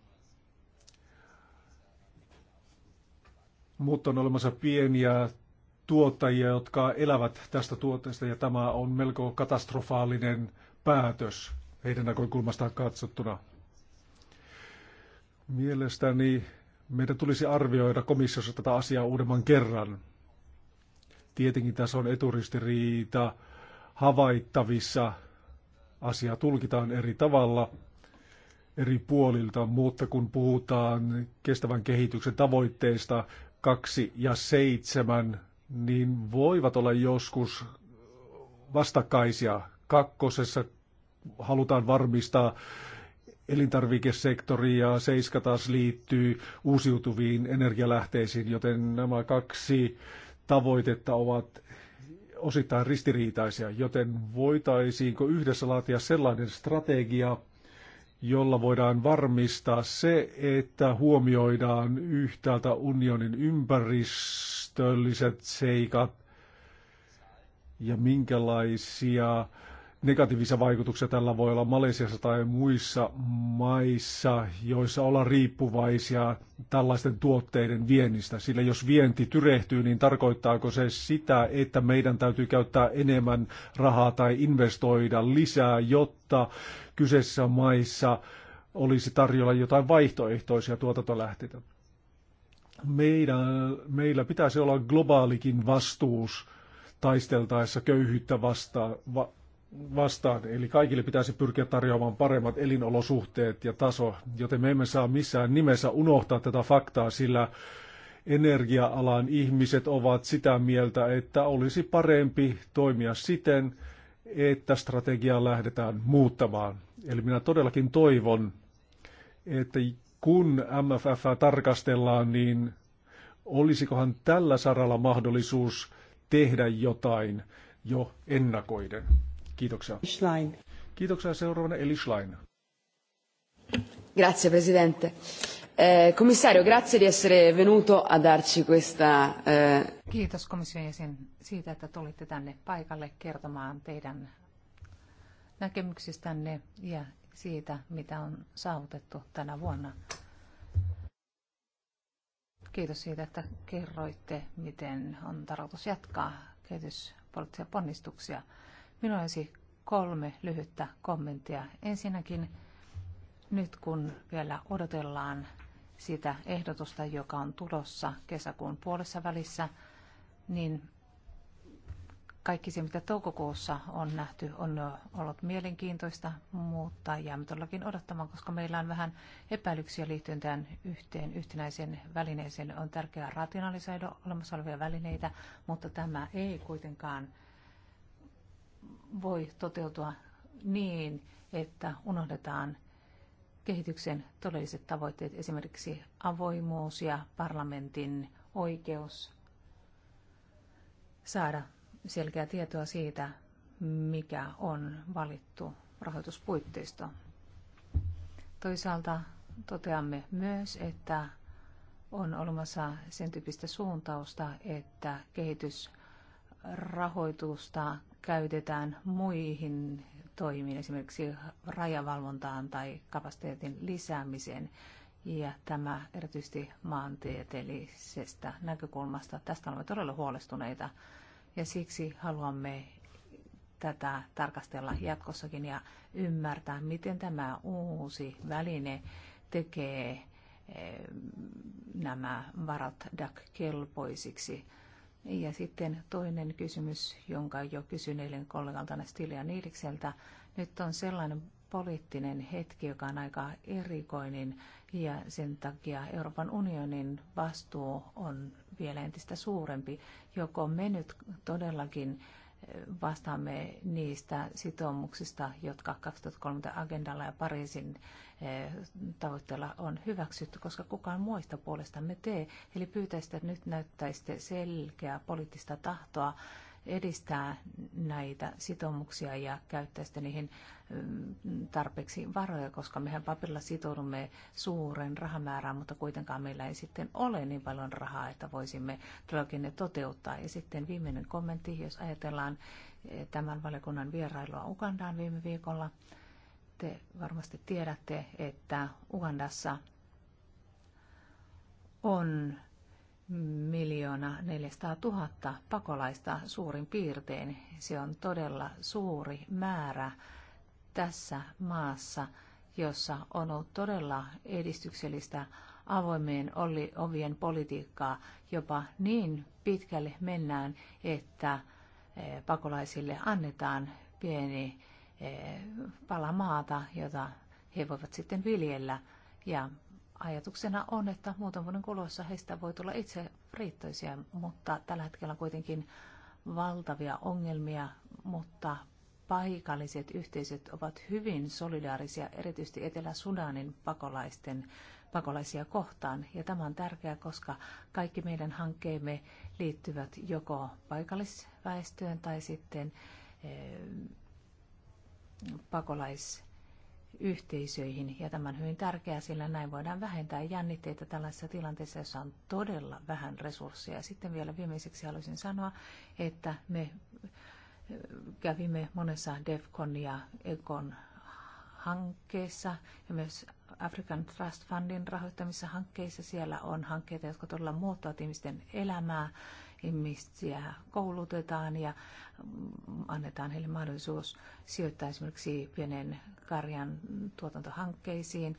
Mutta on olemassa pieniä tuottajia, jotka elävät tästä tuotteesta ja tämä on melko katastrofaalinen päätös heidän näkökulmastaan katsottuna. Mielestäni meidän tulisi arvioida komissiossa tätä asiaa uudemman kerran. Tietenkin tässä on eturistiriita havaittavissa. asia tulkitaan eri tavalla eri puolilta, mutta kun puhutaan kestävän kehityksen tavoitteista kaksi ja seitsemän, niin voivat olla joskus vastakkaisia. Kakkosessa halutaan varmistaa elintarvikesektori ja Seiska taas liittyy uusiutuviin energialähteisiin, joten nämä kaksi tavoitetta ovat osittain ristiriitaisia, joten voitaisiinko yhdessä laatia sellainen strategia, jolla voidaan varmistaa se, että huomioidaan yhtäältä unionin ympäristölliset seikat ja minkälaisia negatiivisia vaikutuksia tällä voi olla Malesiassa tai muissa maissa, joissa ollaan riippuvaisia tällaisten tuotteiden viennistä. Sillä jos vienti tyrehtyy, niin tarkoittaako se sitä, että meidän täytyy käyttää enemmän rahaa tai investoida lisää, jotta kyseisissä maissa olisi tarjolla jotain vaihtoehtoisia tuotantolähteitä? Meidän, meillä pitäisi olla globaalikin vastuus taisteltaessa köyhyyttä vastaan, va, vastaan. Eli kaikille pitäisi pyrkiä tarjoamaan paremmat elinolosuhteet ja taso, joten me emme saa missään nimessä unohtaa tätä faktaa, sillä energia-alan ihmiset ovat sitä mieltä, että olisi parempi toimia siten, että strategiaa lähdetään muuttamaan. Eli minä todellakin toivon, että kun MFF tarkastellaan, niin olisikohan tällä saralla mahdollisuus tehdä jotain jo ennakoiden. Kiitoksia. Schlein. Kiitoksia seuraavana Eli Schlein. Grazie Presidente. Eh, komissario, grazie di essere venuto a darci questa... Eh... Kiitos komission jäsen siitä, että tulitte tänne paikalle kertomaan teidän näkemyksistänne ja siitä, mitä on saavutettu tänä vuonna. Kiitos siitä, että kerroitte, miten on tarkoitus jatkaa kehityspoliittisia ponnistuksia. Minulla olisi kolme lyhyttä kommenttia. Ensinnäkin nyt kun vielä odotellaan sitä ehdotusta, joka on tulossa kesäkuun puolessa välissä, niin kaikki se, mitä toukokuussa on nähty, on ollut mielenkiintoista, mutta jäämme todellakin odottamaan, koska meillä on vähän epäilyksiä liittyen tähän yhteen yhtenäiseen välineeseen. On tärkeää rationalisoida olemassa olevia välineitä, mutta tämä ei kuitenkaan voi toteutua niin, että unohdetaan kehityksen todelliset tavoitteet, esimerkiksi avoimuus ja parlamentin oikeus saada selkeää tietoa siitä, mikä on valittu rahoituspuitteisto. Toisaalta toteamme myös, että on olemassa sen tyyppistä suuntausta, että kehitysrahoitusta käytetään muihin toimiin, esimerkiksi rajavalvontaan tai kapasiteetin lisäämiseen. Ja tämä erityisesti maantieteellisestä näkökulmasta. Tästä olemme todella huolestuneita ja siksi haluamme tätä tarkastella jatkossakin ja ymmärtää, miten tämä uusi väline tekee eh, nämä varat DAC-kelpoisiksi ja sitten toinen kysymys, jonka jo kysyin eilen kollegaltana Stilja Niilikseltä. Nyt on sellainen poliittinen hetki, joka on aika erikoinen ja sen takia Euroopan unionin vastuu on vielä entistä suurempi. Joko me nyt todellakin vastaamme niistä sitoumuksista, jotka 2030 agendalla ja Pariisin eh, tavoitteella on hyväksytty, koska kukaan muista puolestamme tee. Eli pyytäisitte, että nyt näyttäisitte selkeää poliittista tahtoa edistää näitä sitoumuksia ja käyttää sitten niihin mm, tarpeeksi varoja, koska mehän paperilla sitoudumme suuren rahamäärään, mutta kuitenkaan meillä ei sitten ole niin paljon rahaa, että voisimme todellakin ne toteuttaa. Ja sitten viimeinen kommentti, jos ajatellaan eh, tämän valiokunnan vierailua Ugandaan viime viikolla, te varmasti tiedätte, että Ugandassa on miljoona 400 000 pakolaista suurin piirtein. Se on todella suuri määrä tässä maassa, jossa on ollut todella edistyksellistä avoimien ovien politiikkaa. Jopa niin pitkälle mennään, että eh, pakolaisille annetaan pieni eh, pala maata, jota he voivat sitten viljellä. Ja ajatuksena on, että muutaman vuoden kuluessa heistä voi tulla itse riittoisia, mutta tällä hetkellä kuitenkin valtavia ongelmia, mutta paikalliset yhteisöt ovat hyvin solidaarisia, erityisesti Etelä-Sudanin pakolaisten pakolaisia kohtaan. Ja tämä on tärkeää, koska kaikki meidän hankkeemme liittyvät joko paikallisväestöön tai sitten eh, pakolaisväestöön yhteisöihin. Ja tämä on hyvin tärkeää, sillä näin voidaan vähentää jännitteitä tällaisessa tilanteessa, jossa on todella vähän resursseja. Sitten vielä viimeiseksi haluaisin sanoa, että me äh, kävimme monessa DEFCON ja ECON hankkeessa ja myös African Trust Fundin rahoittamissa hankkeissa. Siellä on hankkeita, jotka todella muuttavat ihmisten elämää ihmisiä koulutetaan ja annetaan heille mahdollisuus sijoittaa esimerkiksi pienen karjan tuotantohankkeisiin.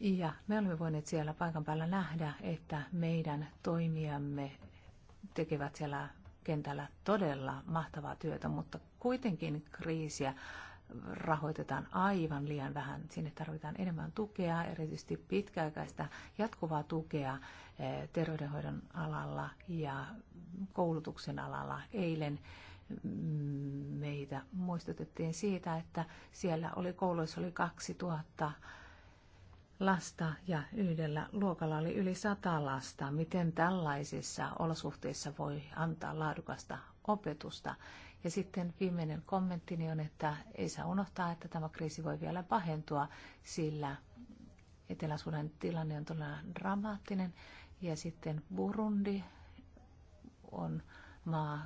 Ja me olemme voineet siellä paikan päällä nähdä, että meidän toimijamme tekevät siellä kentällä todella mahtavaa työtä, mutta kuitenkin kriisiä rahoitetaan aivan liian vähän. Sinne tarvitaan enemmän tukea, erityisesti pitkäaikaista jatkuvaa tukea eh, terveydenhoidon alalla ja koulutuksen alalla. Eilen mm, meitä muistutettiin siitä, että siellä oli kouluissa oli 2000 lasta ja yhdellä luokalla oli yli sata lasta. Miten tällaisissa olosuhteissa voi antaa laadukasta opetusta? Ja sitten viimeinen kommenttini on, että ei saa unohtaa, että tämä kriisi voi vielä pahentua, sillä etelä tilanne on todella dramaattinen. Ja sitten Burundi on maa,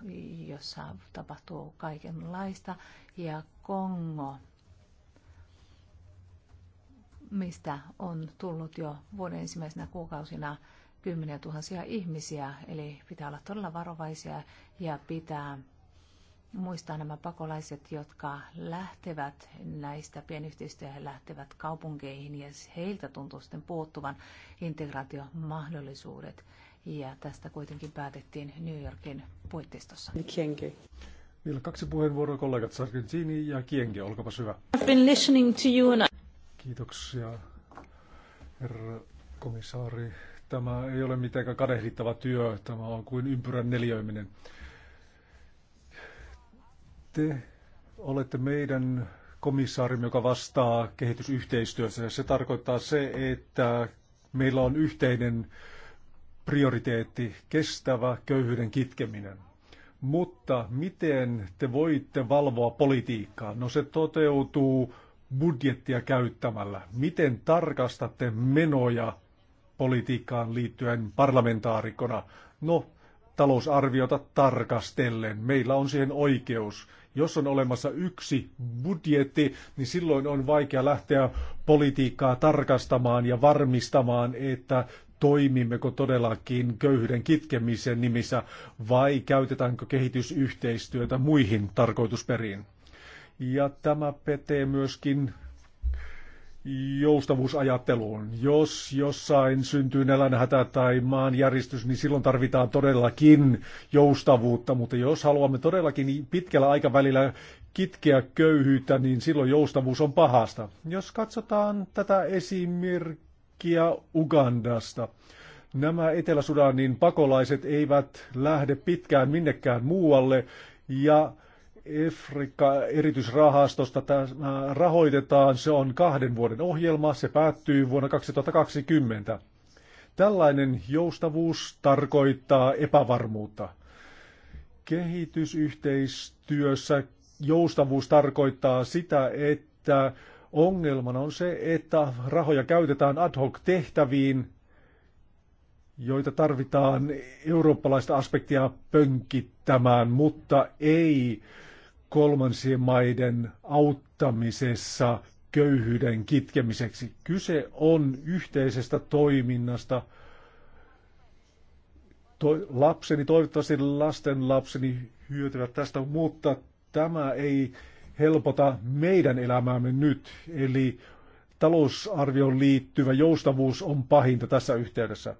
jossa tapahtuu kaikenlaista. Ja Kongo, mistä on tullut jo vuoden ensimmäisenä kuukausina kymmeniä tuhansia ihmisiä. Eli pitää olla todella varovaisia ja pitää muistaa nämä pakolaiset, jotka lähtevät näistä pienyhteisöistä ja lähtevät kaupunkeihin ja heiltä tuntuu sitten puuttuvan integraatiomahdollisuudet. Ja tästä kuitenkin päätettiin New Yorkin puitteistossa. Kienke. Vielä kaksi puheenvuoroa kollegat Sargentini ja Kienke, olkapa hyvä. I've been listening to you and I... Kiitoksia, herra komissaari. Tämä ei ole mitenkään kadehdittava työ, tämä on kuin ympyrän neljöiminen te olette meidän komissaarimme, joka vastaa kehitysyhteistyössä. Se tarkoittaa se, että meillä on yhteinen prioriteetti, kestävä köyhyyden kitkeminen. Mutta miten te voitte valvoa politiikkaa? No se toteutuu budjettia käyttämällä. Miten tarkastatte menoja politiikkaan liittyen parlamentaarikona? No, talousarviota tarkastellen. Meillä on siihen oikeus jos on olemassa yksi budjetti, niin silloin on vaikea lähteä politiikkaa tarkastamaan ja varmistamaan, että toimimmeko todellakin köyhyyden kitkemisen nimissä vai käytetäänkö kehitysyhteistyötä muihin tarkoitusperiin. Ja tämä petee myöskin joustavuusajatteluun. Jos jossain syntyy nälänhätä tai maanjäristys, niin silloin tarvitaan todellakin joustavuutta, mutta jos haluamme todellakin pitkällä aikavälillä kitkeä köyhyyttä, niin silloin joustavuus on pahasta. Jos katsotaan tätä esimerkkiä Ugandasta, nämä Etelä-Sudanin pakolaiset eivät lähde pitkään minnekään muualle ja Afrikka erityisrahastosta tämä rahoitetaan. Se on kahden vuoden ohjelma. Se päättyy vuonna 2020. Tällainen joustavuus tarkoittaa epävarmuutta. Kehitysyhteistyössä joustavuus tarkoittaa sitä, että ongelmana on se, että rahoja käytetään ad hoc tehtäviin, joita tarvitaan eurooppalaista aspektia pönkittämään, mutta ei kolmansien maiden auttamisessa köyhyyden kitkemiseksi. Kyse on yhteisestä toiminnasta. To, lapseni, toivottavasti lasten lapseni hyötyvät tästä, mutta tämä ei helpota meidän elämäämme nyt. Eli talousarvioon liittyvä joustavuus on pahinta tässä yhteydessä.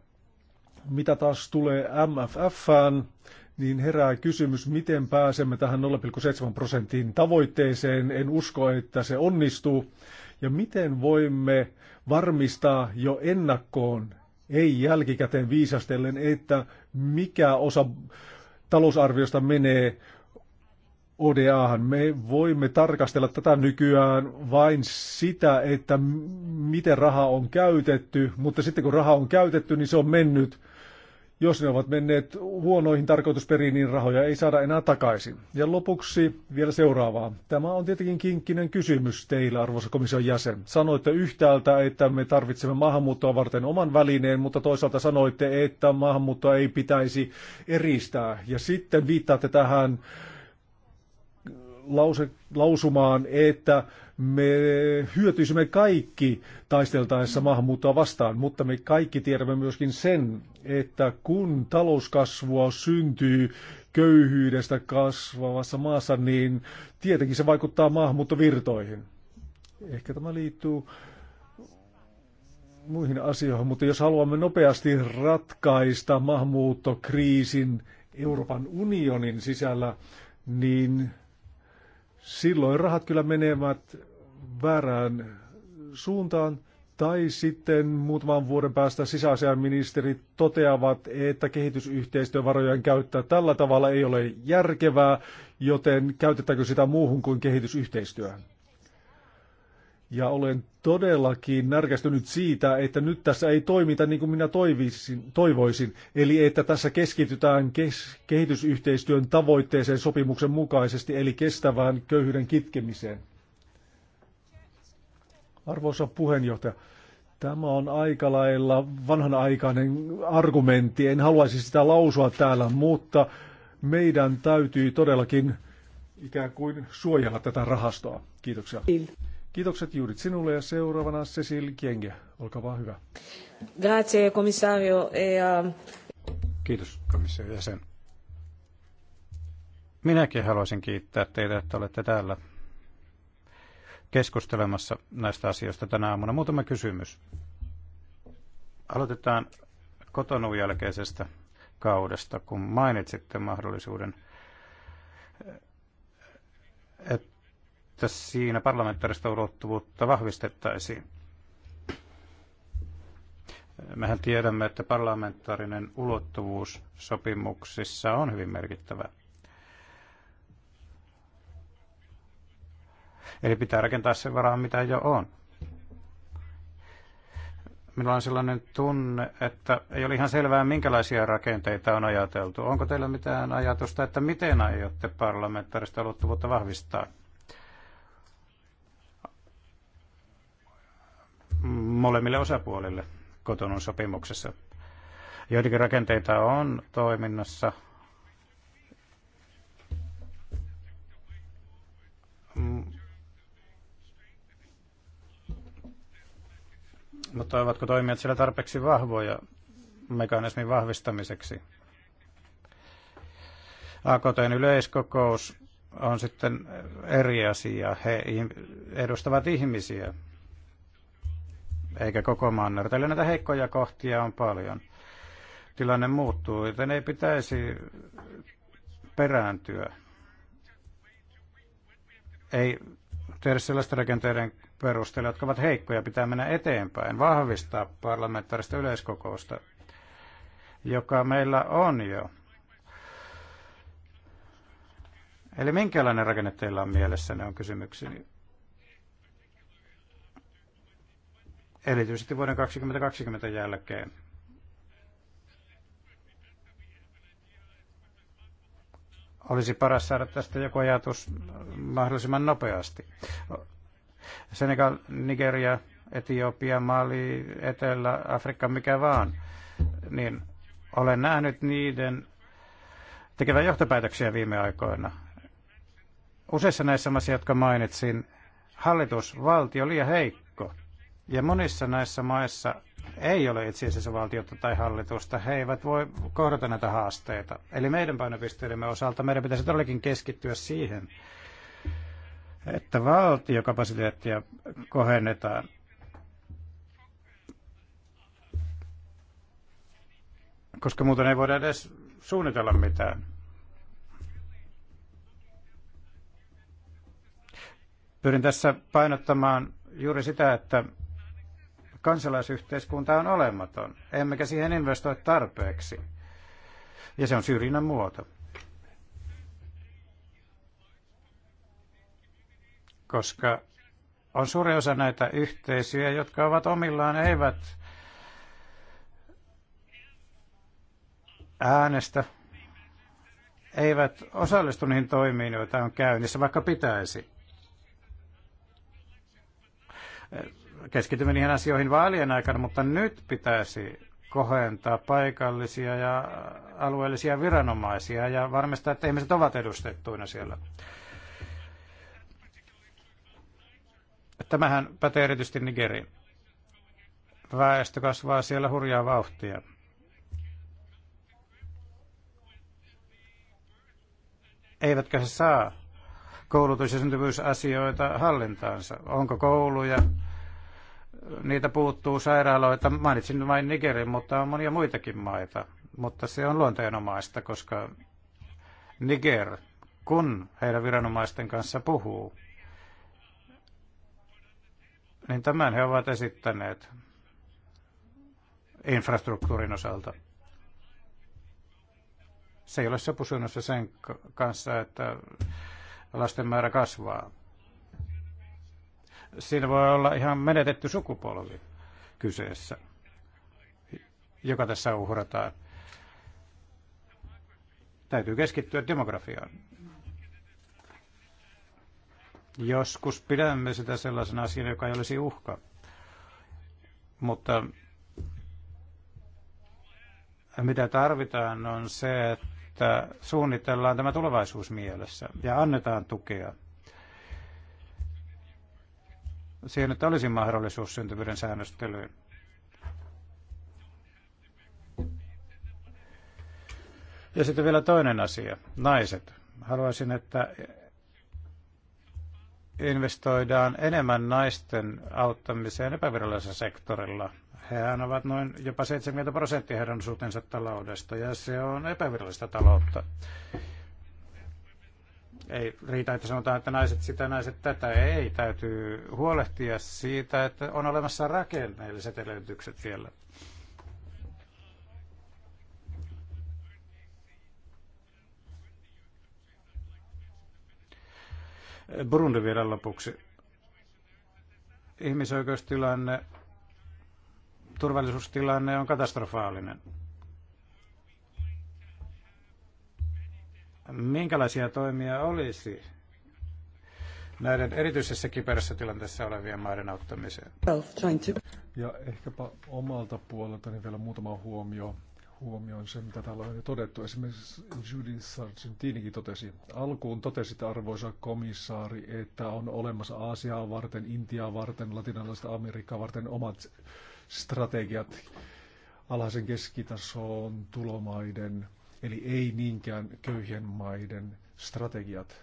Mitä taas tulee MFFään, niin herää kysymys, miten pääsemme tähän 0,7 prosentin tavoitteeseen. En usko, että se onnistuu. Ja miten voimme varmistaa jo ennakkoon, ei jälkikäteen viisastellen, että mikä osa talousarviosta menee ODAhan. Me voimme tarkastella tätä nykyään vain sitä, että miten raha on käytetty, mutta sitten kun raha on käytetty, niin se on mennyt – jos ne ovat menneet huonoihin tarkoitusperiin, niin rahoja ei saada enää takaisin. Ja lopuksi vielä seuraavaa. Tämä on tietenkin kinkkinen kysymys teillä, arvoisa komission jäsen. Sanoitte yhtäältä, että me tarvitsemme maahanmuuttoa varten oman välineen, mutta toisaalta sanoitte, että maahanmuuttoa ei pitäisi eristää. Ja sitten viittaatte tähän lause, lausumaan, että me hyötyisimme kaikki taisteltaessa maahanmuuttoa vastaan, mutta me kaikki tiedämme myöskin sen, että kun talouskasvua syntyy köyhyydestä kasvavassa maassa, niin tietenkin se vaikuttaa maahanmuuttovirtoihin. Ehkä tämä liittyy muihin asioihin, mutta jos haluamme nopeasti ratkaista maahanmuuttokriisin Euroopan unionin sisällä, niin silloin rahat kyllä menevät väärään suuntaan. Tai sitten muutaman vuoden päästä sisäasiainministerit toteavat, että kehitysyhteistyövarojen käyttää tällä tavalla ei ole järkevää, joten käytetäänkö sitä muuhun kuin kehitysyhteistyöhön. Ja olen todellakin närkästynyt siitä, että nyt tässä ei toimita niin kuin minä toivisin, toivoisin. Eli että tässä keskitytään kes- kehitysyhteistyön tavoitteeseen sopimuksen mukaisesti, eli kestävään köyhyyden kitkemiseen. Arvoisa puheenjohtaja, tämä on aika lailla vanhanaikainen argumentti. En haluaisi sitä lausua täällä, mutta meidän täytyy todellakin ikään kuin suojella tätä rahastoa. Kiitoksia. Kiitokset juuri sinulle ja seuraavana Cecil Kienge. Olkaa vaan hyvä. Grazie, komissario. E, Kiitos, komission jäsen. Minäkin haluaisin kiittää teitä, että olette täällä keskustelemassa näistä asioista tänä aamuna. Muutama kysymys. Aloitetaan kotonun jälkeisestä kaudesta, kun mainitsitte mahdollisuuden, että että siinä parlamentaarista ulottuvuutta vahvistettaisiin. Mehän tiedämme, että parlamentaarinen ulottuvuus sopimuksissa on hyvin merkittävä. Eli pitää rakentaa sen varaan, mitä jo on. Minulla on sellainen tunne, että ei ole ihan selvää, minkälaisia rakenteita on ajateltu. Onko teillä mitään ajatusta, että miten aiotte parlamentaarista ulottuvuutta vahvistaa? molemmille osapuolille kotonun sopimuksessa. Joitakin rakenteita on toiminnassa, mutta ovatko toimijat siellä tarpeeksi vahvoja mekanismin vahvistamiseksi? AKTn yleiskokous on sitten eri asia. He edustavat ihmisiä eikä koko mannerta. Eli näitä heikkoja kohtia on paljon. Tilanne muuttuu, joten ei pitäisi perääntyä. Ei tehdä sellaista rakenteiden perusteella, jotka ovat heikkoja, pitää mennä eteenpäin, vahvistaa parlamentaarista yleiskokousta, joka meillä on jo. Eli minkälainen rakenne teillä on mielessä, ne on kysymykseni. erityisesti vuoden 2020 jälkeen. Olisi paras saada tästä joku ajatus mahdollisimman nopeasti. Senegal, Nigeria, Etiopia, Mali, Etelä-Afrikka, mikä vaan, niin olen nähnyt niiden tekevän johtopäätöksiä viime aikoina. Useissa näissä maissa, jotka mainitsin, hallitus, valtio liian heikko ja monissa näissä maissa ei ole itse valtiota tai hallitusta. He eivät voi kohdata näitä haasteita. Eli meidän painopisteidemme osalta meidän pitäisi todellakin keskittyä siihen, että valtiokapasiteettia kohennetaan. Koska muuten ei voida edes suunnitella mitään. Pyrin tässä painottamaan juuri sitä, että kansalaisyhteiskunta on olematon, emmekä siihen investoi tarpeeksi. Ja se on syrjinnän muoto. Koska on suuri osa näitä yhteisöjä, jotka ovat omillaan, eivät äänestä, eivät osallistu niihin toimiin, joita on käynnissä, vaikka pitäisi keskitymme niihin asioihin vaalien aikana, mutta nyt pitäisi kohentaa paikallisia ja alueellisia viranomaisia ja varmistaa, että ihmiset ovat edustettuina siellä. Tämähän pätee erityisesti Nigeriin. Väestö kasvaa siellä hurjaa vauhtia. Eivätkä he saa koulutus- ja syntyvyysasioita hallintaansa. Onko kouluja, niitä puuttuu sairaaloita. Mainitsin vain Nigerin, mutta on monia muitakin maita. Mutta se on luonteenomaista, koska Niger, kun heidän viranomaisten kanssa puhuu, niin tämän he ovat esittäneet infrastruktuurin osalta. Se ei ole sopusunnossa sen kanssa, että lasten määrä kasvaa siinä voi olla ihan menetetty sukupolvi kyseessä, joka tässä uhrataan. Täytyy keskittyä demografiaan. Joskus pidämme sitä sellaisena asiana, joka ei olisi uhka. Mutta mitä tarvitaan on se, että suunnitellaan tämä tulevaisuus mielessä ja annetaan tukea – siihen, että olisi mahdollisuus syntyvyyden säännöstelyyn. Ja sitten vielä toinen asia, naiset. Haluaisin, että investoidaan enemmän naisten auttamiseen epävirallisella sektorilla. Hehän ovat noin jopa 70 prosenttia heidän osuutensa taloudesta, ja se on epävirallista taloutta. Ei riitä, että sanotaan, että naiset sitä, naiset tätä. Ei, täytyy huolehtia siitä, että on olemassa rakenneelliset edellytykset siellä. Burundi vielä lopuksi. Ihmisoikeustilanne, turvallisuustilanne on katastrofaalinen. minkälaisia toimia olisi näiden erityisessä kiperässä tilanteessa olevien maiden auttamiseen? Ja ehkäpä omalta puoleltani niin vielä muutama huomio on se, mitä täällä on jo todettu. Esimerkiksi Judith Sargentinikin totesi, alkuun totesi arvoisa komissaari, että on olemassa Aasiaa varten, Intiaa varten, latinalaista Amerikkaa varten omat strategiat alhaisen keskitason tulomaiden Eli ei niinkään köyhien maiden strategiat.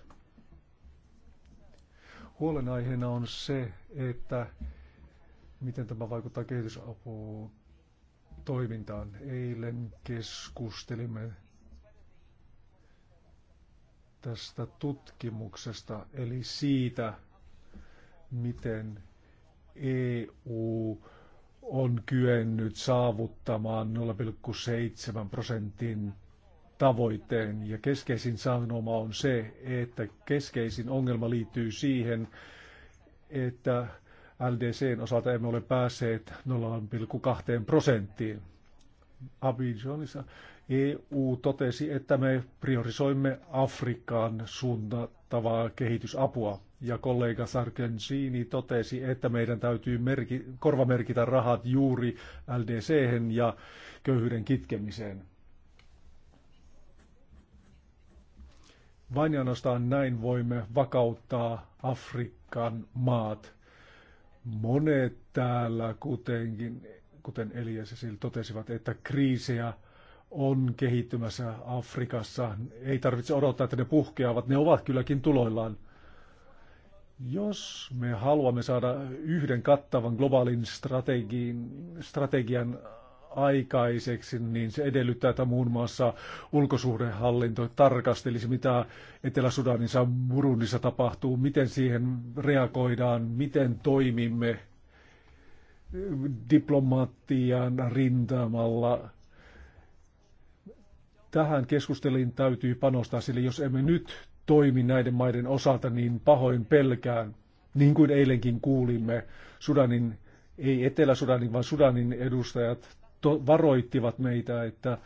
Huolenaiheena on se, että miten tämä vaikuttaa kehitysapuun toimintaan. Eilen keskustelimme tästä tutkimuksesta, eli siitä, miten EU on kyennyt saavuttamaan 0,7 prosentin tavoitteen. Ja keskeisin sanoma on se, että keskeisin ongelma liittyy siihen, että LDCn osalta emme ole päässeet 0,2 prosenttiin. Abidjanissa EU totesi, että me priorisoimme Afrikkaan suunnattavaa kehitysapua. Ja kollega Sargentini totesi, että meidän täytyy merki, korvamerkitä rahat juuri ldc ja köyhyyden kitkemiseen. Vain ainoastaan näin voimme vakauttaa Afrikan maat. Monet täällä, kutenkin, kuten Elias Cecil totesivat, että kriisejä on kehittymässä Afrikassa. Ei tarvitse odottaa, että ne puhkeavat. Ne ovat kylläkin tuloillaan. Jos me haluamme saada yhden kattavan globaalin strategian aikaiseksi, niin se edellyttää, että muun muassa ulkosuhdehallinto tarkastelisi, mitä Etelä-Sudanissa, Burundissa tapahtuu, miten siihen reagoidaan, miten toimimme diplomaattian rintamalla. Tähän keskustelin täytyy panostaa, sillä jos emme nyt toimi näiden maiden osalta, niin pahoin pelkään, niin kuin eilenkin kuulimme, Sudanin, ei Etelä-Sudanin, vaan Sudanin edustajat to- varoittivat meitä, että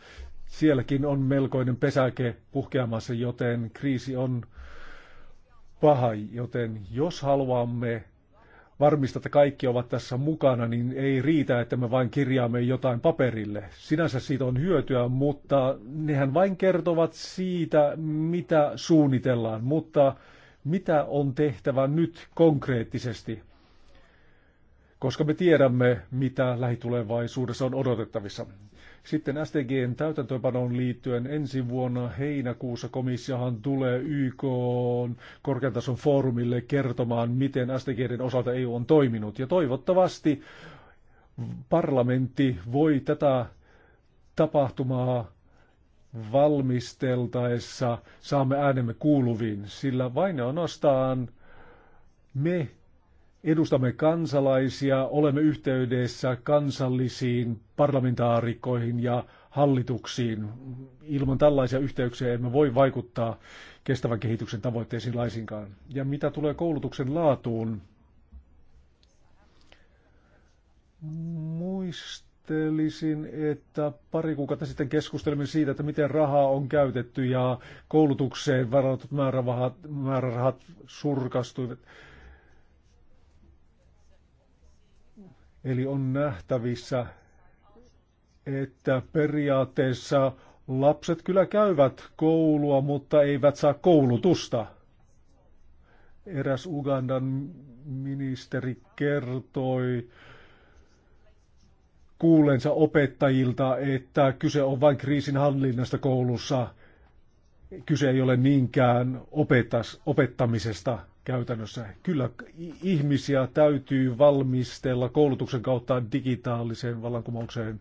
sielläkin on melkoinen pesäke puhkeamassa, joten kriisi on paha. Joten jos haluamme varmistaa, että kaikki ovat tässä mukana, niin ei riitä, että me vain kirjaamme jotain paperille. Sinänsä siitä on hyötyä, mutta nehän vain kertovat siitä, mitä suunnitellaan, mutta mitä on tehtävä nyt konkreettisesti koska me tiedämme, mitä lähitulevaisuudessa on odotettavissa. Sitten STGn täytäntöönpanoon liittyen ensi vuonna heinäkuussa komissiohan tulee YK korkeantason foorumille kertomaan, miten STGn osalta EU on toiminut. Ja toivottavasti parlamentti voi tätä tapahtumaa valmisteltaessa saamme äänemme kuuluviin, sillä vain ja nostaan me Edustamme kansalaisia, olemme yhteydessä kansallisiin parlamentaarikoihin ja hallituksiin. Ilman tällaisia yhteyksiä emme voi vaikuttaa kestävän kehityksen tavoitteisiin laisinkaan. Ja mitä tulee koulutuksen laatuun, muistelisin, että pari kuukautta sitten keskustelimme siitä, että miten rahaa on käytetty ja koulutukseen varatut määrärahat, määrärahat surkastuivat Eli on nähtävissä, että periaatteessa lapset kyllä käyvät koulua, mutta eivät saa koulutusta. Eräs Ugandan ministeri kertoi kuulensa opettajilta, että kyse on vain kriisin hallinnasta koulussa. Kyse ei ole niinkään opettamisesta käytännössä. Kyllä ihmisiä täytyy valmistella koulutuksen kautta digitaaliseen vallankumoukseen.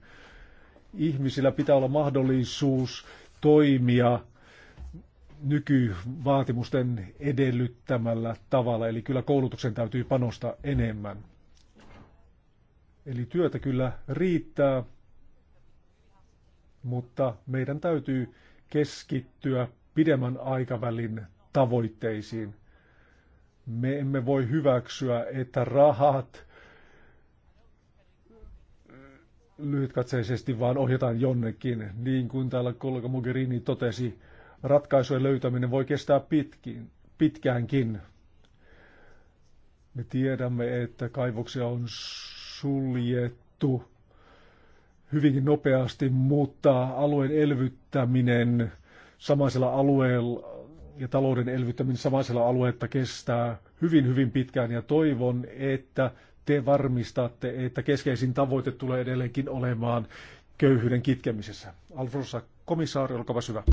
Ihmisillä pitää olla mahdollisuus toimia nykyvaatimusten edellyttämällä tavalla, eli kyllä koulutuksen täytyy panostaa enemmän. Eli työtä kyllä riittää, mutta meidän täytyy keskittyä pidemmän aikavälin tavoitteisiin – me emme voi hyväksyä, että rahat lyhytkatseisesti vaan ohjataan jonnekin. Niin kuin täällä kollega Mogherini totesi, ratkaisujen löytäminen voi kestää pitkin, pitkäänkin. Me tiedämme, että kaivoksia on suljettu hyvinkin nopeasti, mutta alueen elvyttäminen samaisella alueella ja talouden elvyttäminen samaisella alueella kestää hyvin, hyvin pitkään ja toivon, että te varmistatte, että keskeisin tavoite tulee edelleenkin olemaan köyhyyden kitkemisessä. Alfonsa komissaari, olkaa hyvä.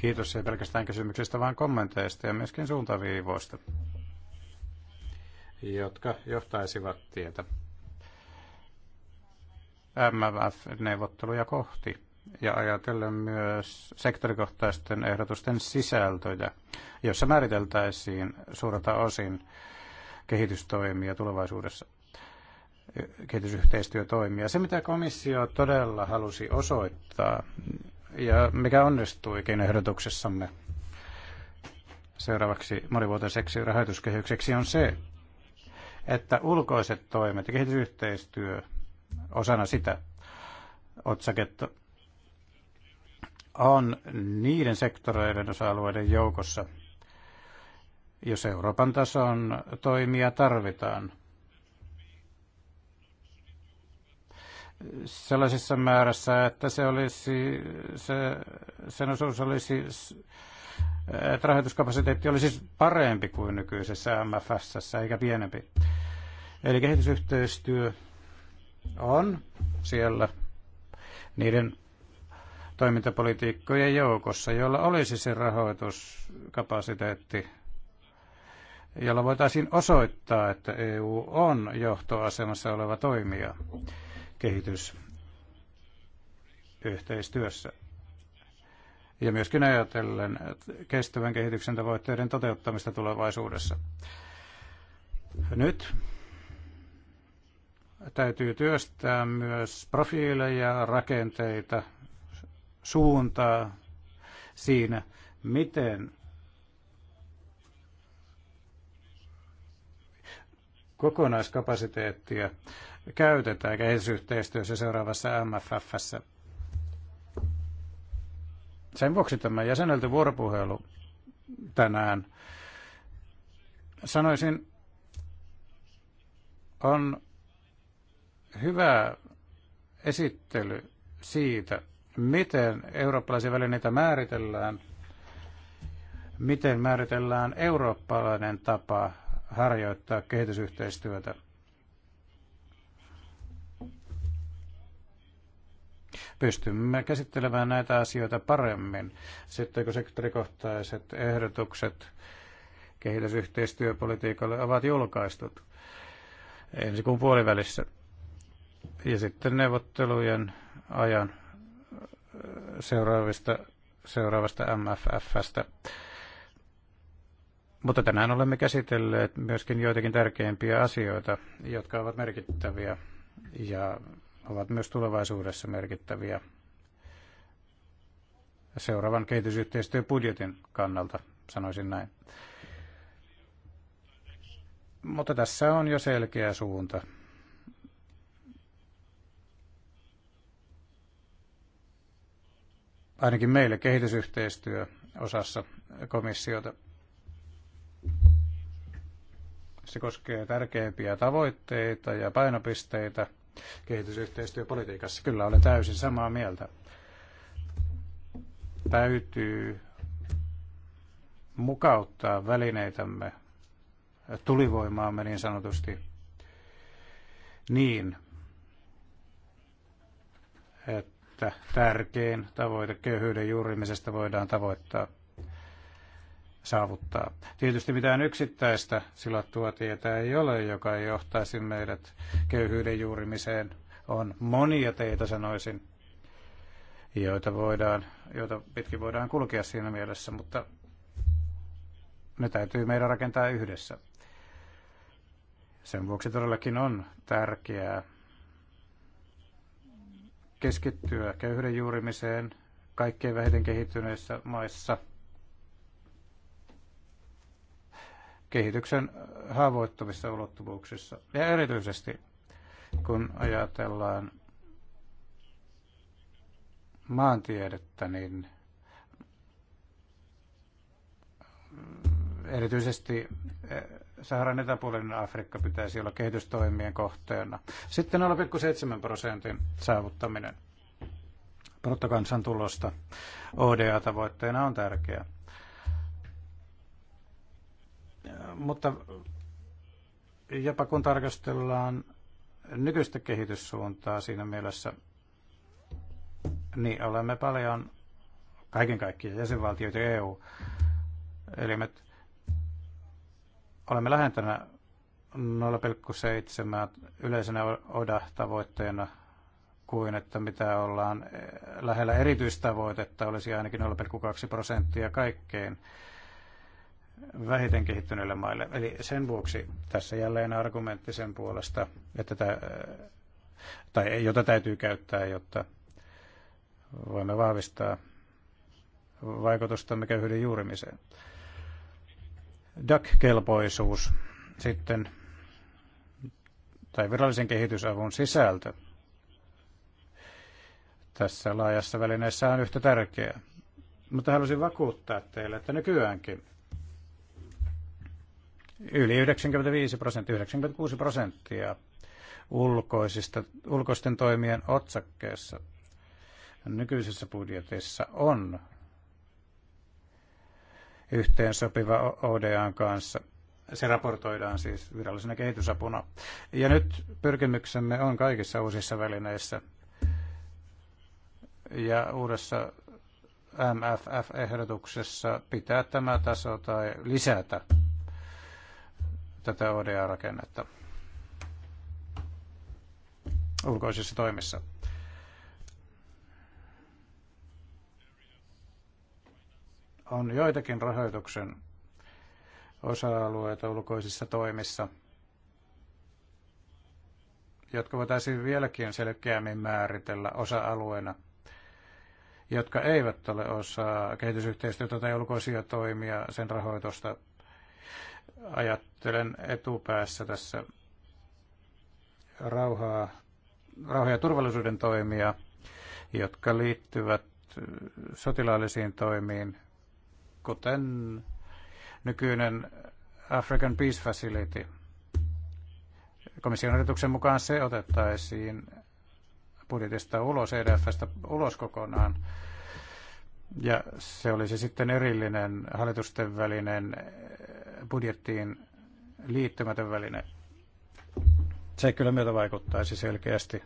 Kiitos ei pelkästään kysymyksestä, vaan kommenteista ja myöskin suuntaviivoista, jotka johtaisivat tietä mff neuvotteluja kohti ja ajatellen myös sektorikohtaisten ehdotusten sisältöjä, jossa määriteltäisiin suurta osin kehitystoimia tulevaisuudessa, kehitysyhteistyötoimia. Se, mitä komissio todella halusi osoittaa, ja mikä onnistuikin ehdotuksessamme seuraavaksi monivuotiseksi rahoituskehykseksi, on se, että ulkoiset toimet ja kehitysyhteistyö osana sitä otsaketta on niiden sektoreiden osa-alueiden joukossa, jos Euroopan tason toimia tarvitaan. sellaisessa määrässä, että se olisi, se, sen osuus olisi, että rahoituskapasiteetti olisi siis parempi kuin nykyisessä MFS, eikä pienempi. Eli kehitysyhteistyö on siellä niiden toimintapolitiikkojen joukossa, jolla olisi se rahoituskapasiteetti, jolla voitaisiin osoittaa, että EU on johtoasemassa oleva toimija kehitysyhteistyössä. Ja myöskin ajatellen kestävän kehityksen tavoitteiden toteuttamista tulevaisuudessa. Nyt täytyy työstää myös profiileja, rakenteita, suuntaa siinä, miten kokonaiskapasiteettia käytetään kehitysyhteistyössä seuraavassa MFF. Sen vuoksi tämä jäsenelty vuoropuhelu tänään, sanoisin, on hyvä esittely siitä, miten eurooppalaisia välineitä määritellään, miten määritellään eurooppalainen tapa harjoittaa kehitysyhteistyötä. Pystymme käsittelemään näitä asioita paremmin. Sitten kun sektorikohtaiset ehdotukset kehitysyhteistyöpolitiikalle ovat julkaistut ensi kuun puolivälissä ja sitten neuvottelujen ajan seuraavista, seuraavasta MFFstä. Mutta tänään olemme käsitelleet myöskin joitakin tärkeimpiä asioita, jotka ovat merkittäviä ja ovat myös tulevaisuudessa merkittäviä seuraavan kehitysyhteistyöbudjetin kannalta, sanoisin näin. Mutta tässä on jo selkeä suunta. ainakin meille kehitysyhteistyö osassa komissiota. Se koskee tärkeimpiä tavoitteita ja painopisteitä kehitysyhteistyöpolitiikassa. Kyllä olen täysin samaa mieltä. Täytyy mukauttaa välineitämme, tulivoimaamme niin sanotusti, niin, että että tärkein tavoite köyhyyden juurimisesta voidaan tavoittaa saavuttaa. Tietysti mitään yksittäistä silattua tietä ei ole, joka johtaisi meidät köyhyyden juurimiseen. On monia teitä, sanoisin, joita, voidaan, joita pitkin voidaan kulkea siinä mielessä, mutta ne täytyy meidän rakentaa yhdessä. Sen vuoksi todellakin on tärkeää keskittyä köyhyyden juurimiseen kaikkein vähiten kehittyneissä maissa, kehityksen haavoittuvissa ulottuvuuksissa. Ja erityisesti kun ajatellaan maantiedettä, niin erityisesti Saharan etäpuolinen Afrikka pitäisi olla kehitystoimien kohteena. Sitten 0,7 prosentin saavuttaminen bruttokansantulosta ODA-tavoitteena on tärkeä. Mutta jopa kun tarkastellaan nykyistä kehityssuuntaa siinä mielessä, niin olemme paljon kaiken kaikkiaan jäsenvaltioita ja EU-elimet Olemme lähentänä 0,7 yleisenä ODA-tavoitteena kuin että mitä ollaan eh, lähellä erityistavoitetta, olisi ainakin 0,2 prosenttia kaikkein vähiten kehittyneille maille. Eli sen vuoksi tässä jälleen argumentti sen puolesta, että tämä eh, tai jota täytyy käyttää, jotta voimme vahvistaa vaikutustamme köyhyyden juurimiseen. DAC-kelpoisuus sitten, tai virallisen kehitysavun sisältö tässä laajassa välineessä on yhtä tärkeää. Mutta halusin vakuuttaa teille, että nykyäänkin yli 95 prosenttia, 96 prosenttia ulkoisista, ulkoisten toimien otsakkeessa nykyisessä budjetissa on yhteensopiva ODAn kanssa. Se raportoidaan siis virallisena kehitysapuna. Ja nyt pyrkimyksemme on kaikissa uusissa välineissä ja uudessa MFF-ehdotuksessa pitää tämä taso tai lisätä tätä ODA-rakennetta ulkoisissa toimissa. on joitakin rahoituksen osa-alueita ulkoisissa toimissa, jotka voitaisiin vieläkin selkeämmin määritellä osa-alueena, jotka eivät ole osa kehitysyhteistyötä tai ulkoisia toimia, sen rahoitusta. Ajattelen etupäässä tässä rauhaa, rauha- ja turvallisuuden toimia, jotka liittyvät sotilaallisiin toimiin, kuten nykyinen African Peace Facility. Komission ehdotuksen mukaan se otettaisiin budjetista ulos, EDFstä ulos kokonaan. Ja se olisi sitten erillinen hallitusten välinen eh, budjettiin liittymätön väline. Se kyllä myötä vaikuttaisi selkeästi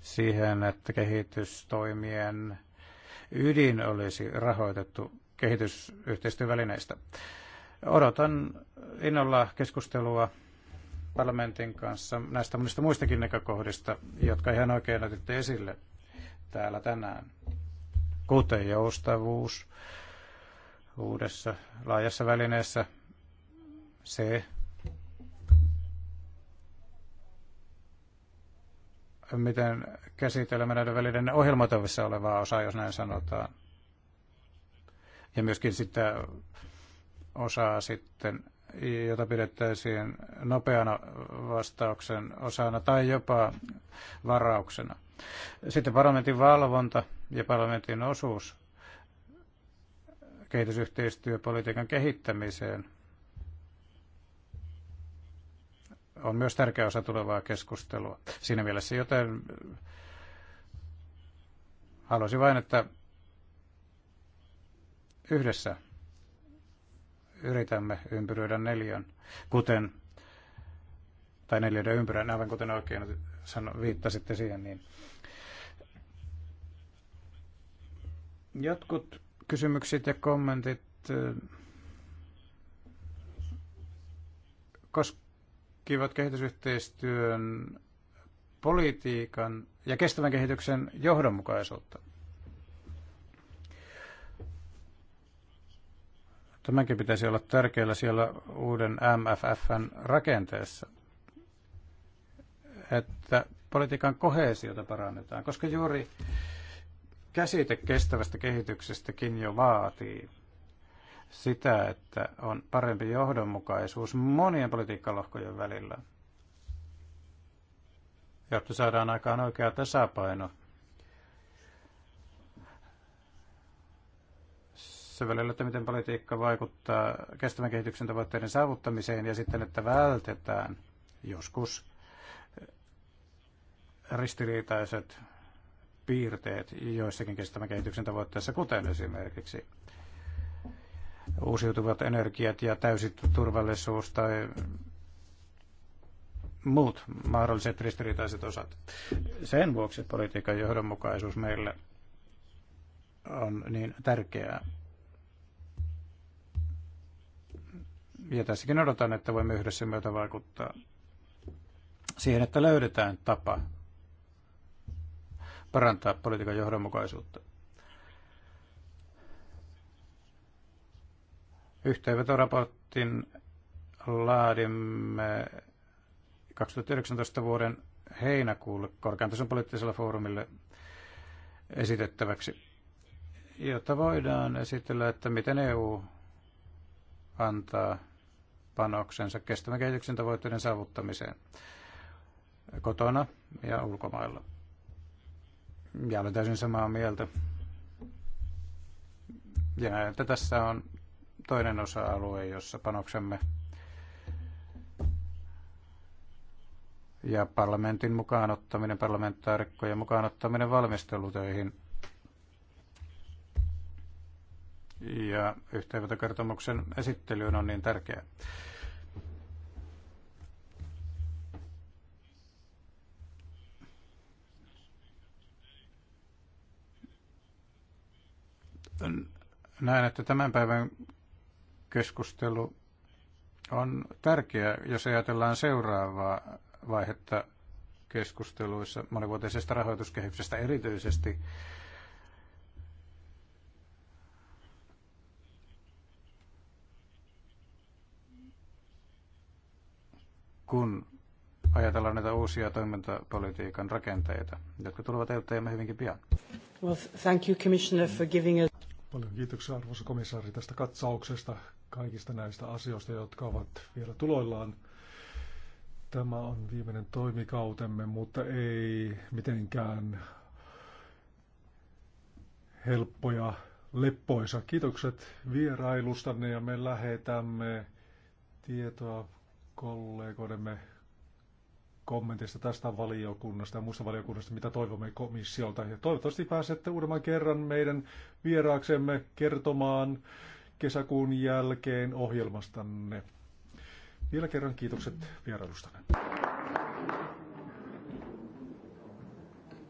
siihen, että kehitystoimien ydin olisi rahoitettu kehitysyhteistyövälineistä. Odotan innolla keskustelua parlamentin kanssa näistä monista muistakin näkökohdista, jotka ihan oikein otitte esille täällä tänään, kuten joustavuus uudessa laajassa välineessä, se, miten käsitellä meidän välineiden ohjelmoitavissa olevaa osaa, jos näin sanotaan, ja myöskin sitä osaa sitten, jota pidettäisiin nopeana vastauksen osana tai jopa varauksena. Sitten parlamentin valvonta ja parlamentin osuus kehitysyhteistyöpolitiikan kehittämiseen on myös tärkeä osa tulevaa keskustelua siinä mielessä, joten haluaisin vain, että yhdessä yritämme ympyröidä neljän, kuten, tai neljöiden ympyrän, aivan kuten oikein sano, viittasitte siihen, niin jotkut kysymykset ja kommentit eh, koskivat kehitysyhteistyön politiikan ja kestävän kehityksen johdonmukaisuutta. Tämänkin pitäisi olla tärkeällä siellä uuden MFFn rakenteessa, että politiikan kohesiota parannetaan, koska juuri käsite kestävästä kehityksestäkin jo vaatii sitä, että on parempi johdonmukaisuus monien politiikkalohkojen välillä, jotta saadaan aikaan oikea tasapaino tässä välillä, että miten politiikka vaikuttaa kestävän kehityksen tavoitteiden saavuttamiseen ja sitten, että vältetään joskus eh, ristiriitaiset piirteet joissakin kestävän kehityksen tavoitteissa, kuten esimerkiksi uusiutuvat energiat ja täysi turvallisuus tai muut mahdolliset ristiriitaiset osat. Sen vuoksi politiikan johdonmukaisuus meille on niin tärkeää. Ja tässäkin odotan, että voimme yhdessä myötä vaikuttaa siihen, että löydetään tapa parantaa politiikan johdonmukaisuutta. Yhteenvetoraportin laadimme 2019 vuoden heinäkuulle korkean tason poliittisella foorumille esitettäväksi, jotta voidaan esitellä, että miten EU antaa panoksensa kestävän kehityksen tavoitteiden saavuttamiseen kotona ja ulkomailla. Ja olen täysin samaa mieltä. Ja että tässä on toinen osa-alue, jossa panoksemme ja parlamentin mukaan ottaminen, parlamentaarikkojen mukaan ottaminen valmistelutöihin – ja yhteenvetokertomuksen esittelyyn on niin tärkeää. Näen, että tämän päivän keskustelu on tärkeä, jos ajatellaan seuraavaa vaihetta keskusteluissa monivuotisesta rahoituskehyksestä erityisesti kun ajatellaan näitä uusia toimintapolitiikan rakenteita, jotka tulevat eteemme hyvinkin pian. Well, thank you, Commissioner, for giving us... Paljon kiitoksia arvoisa komissaari tästä katsauksesta kaikista näistä asioista, jotka ovat vielä tuloillaan. Tämä on viimeinen toimikautemme, mutta ei mitenkään helppoja leppoisa. Kiitokset vierailustanne ja me lähetämme tietoa kollegoidemme kommentista tästä valiokunnasta ja muusta valiokunnasta, mitä toivomme komissiolta. Ja toivottavasti pääsette uudemman kerran meidän vieraaksemme kertomaan kesäkuun jälkeen ohjelmastanne. Vielä kerran kiitokset vierailustanne.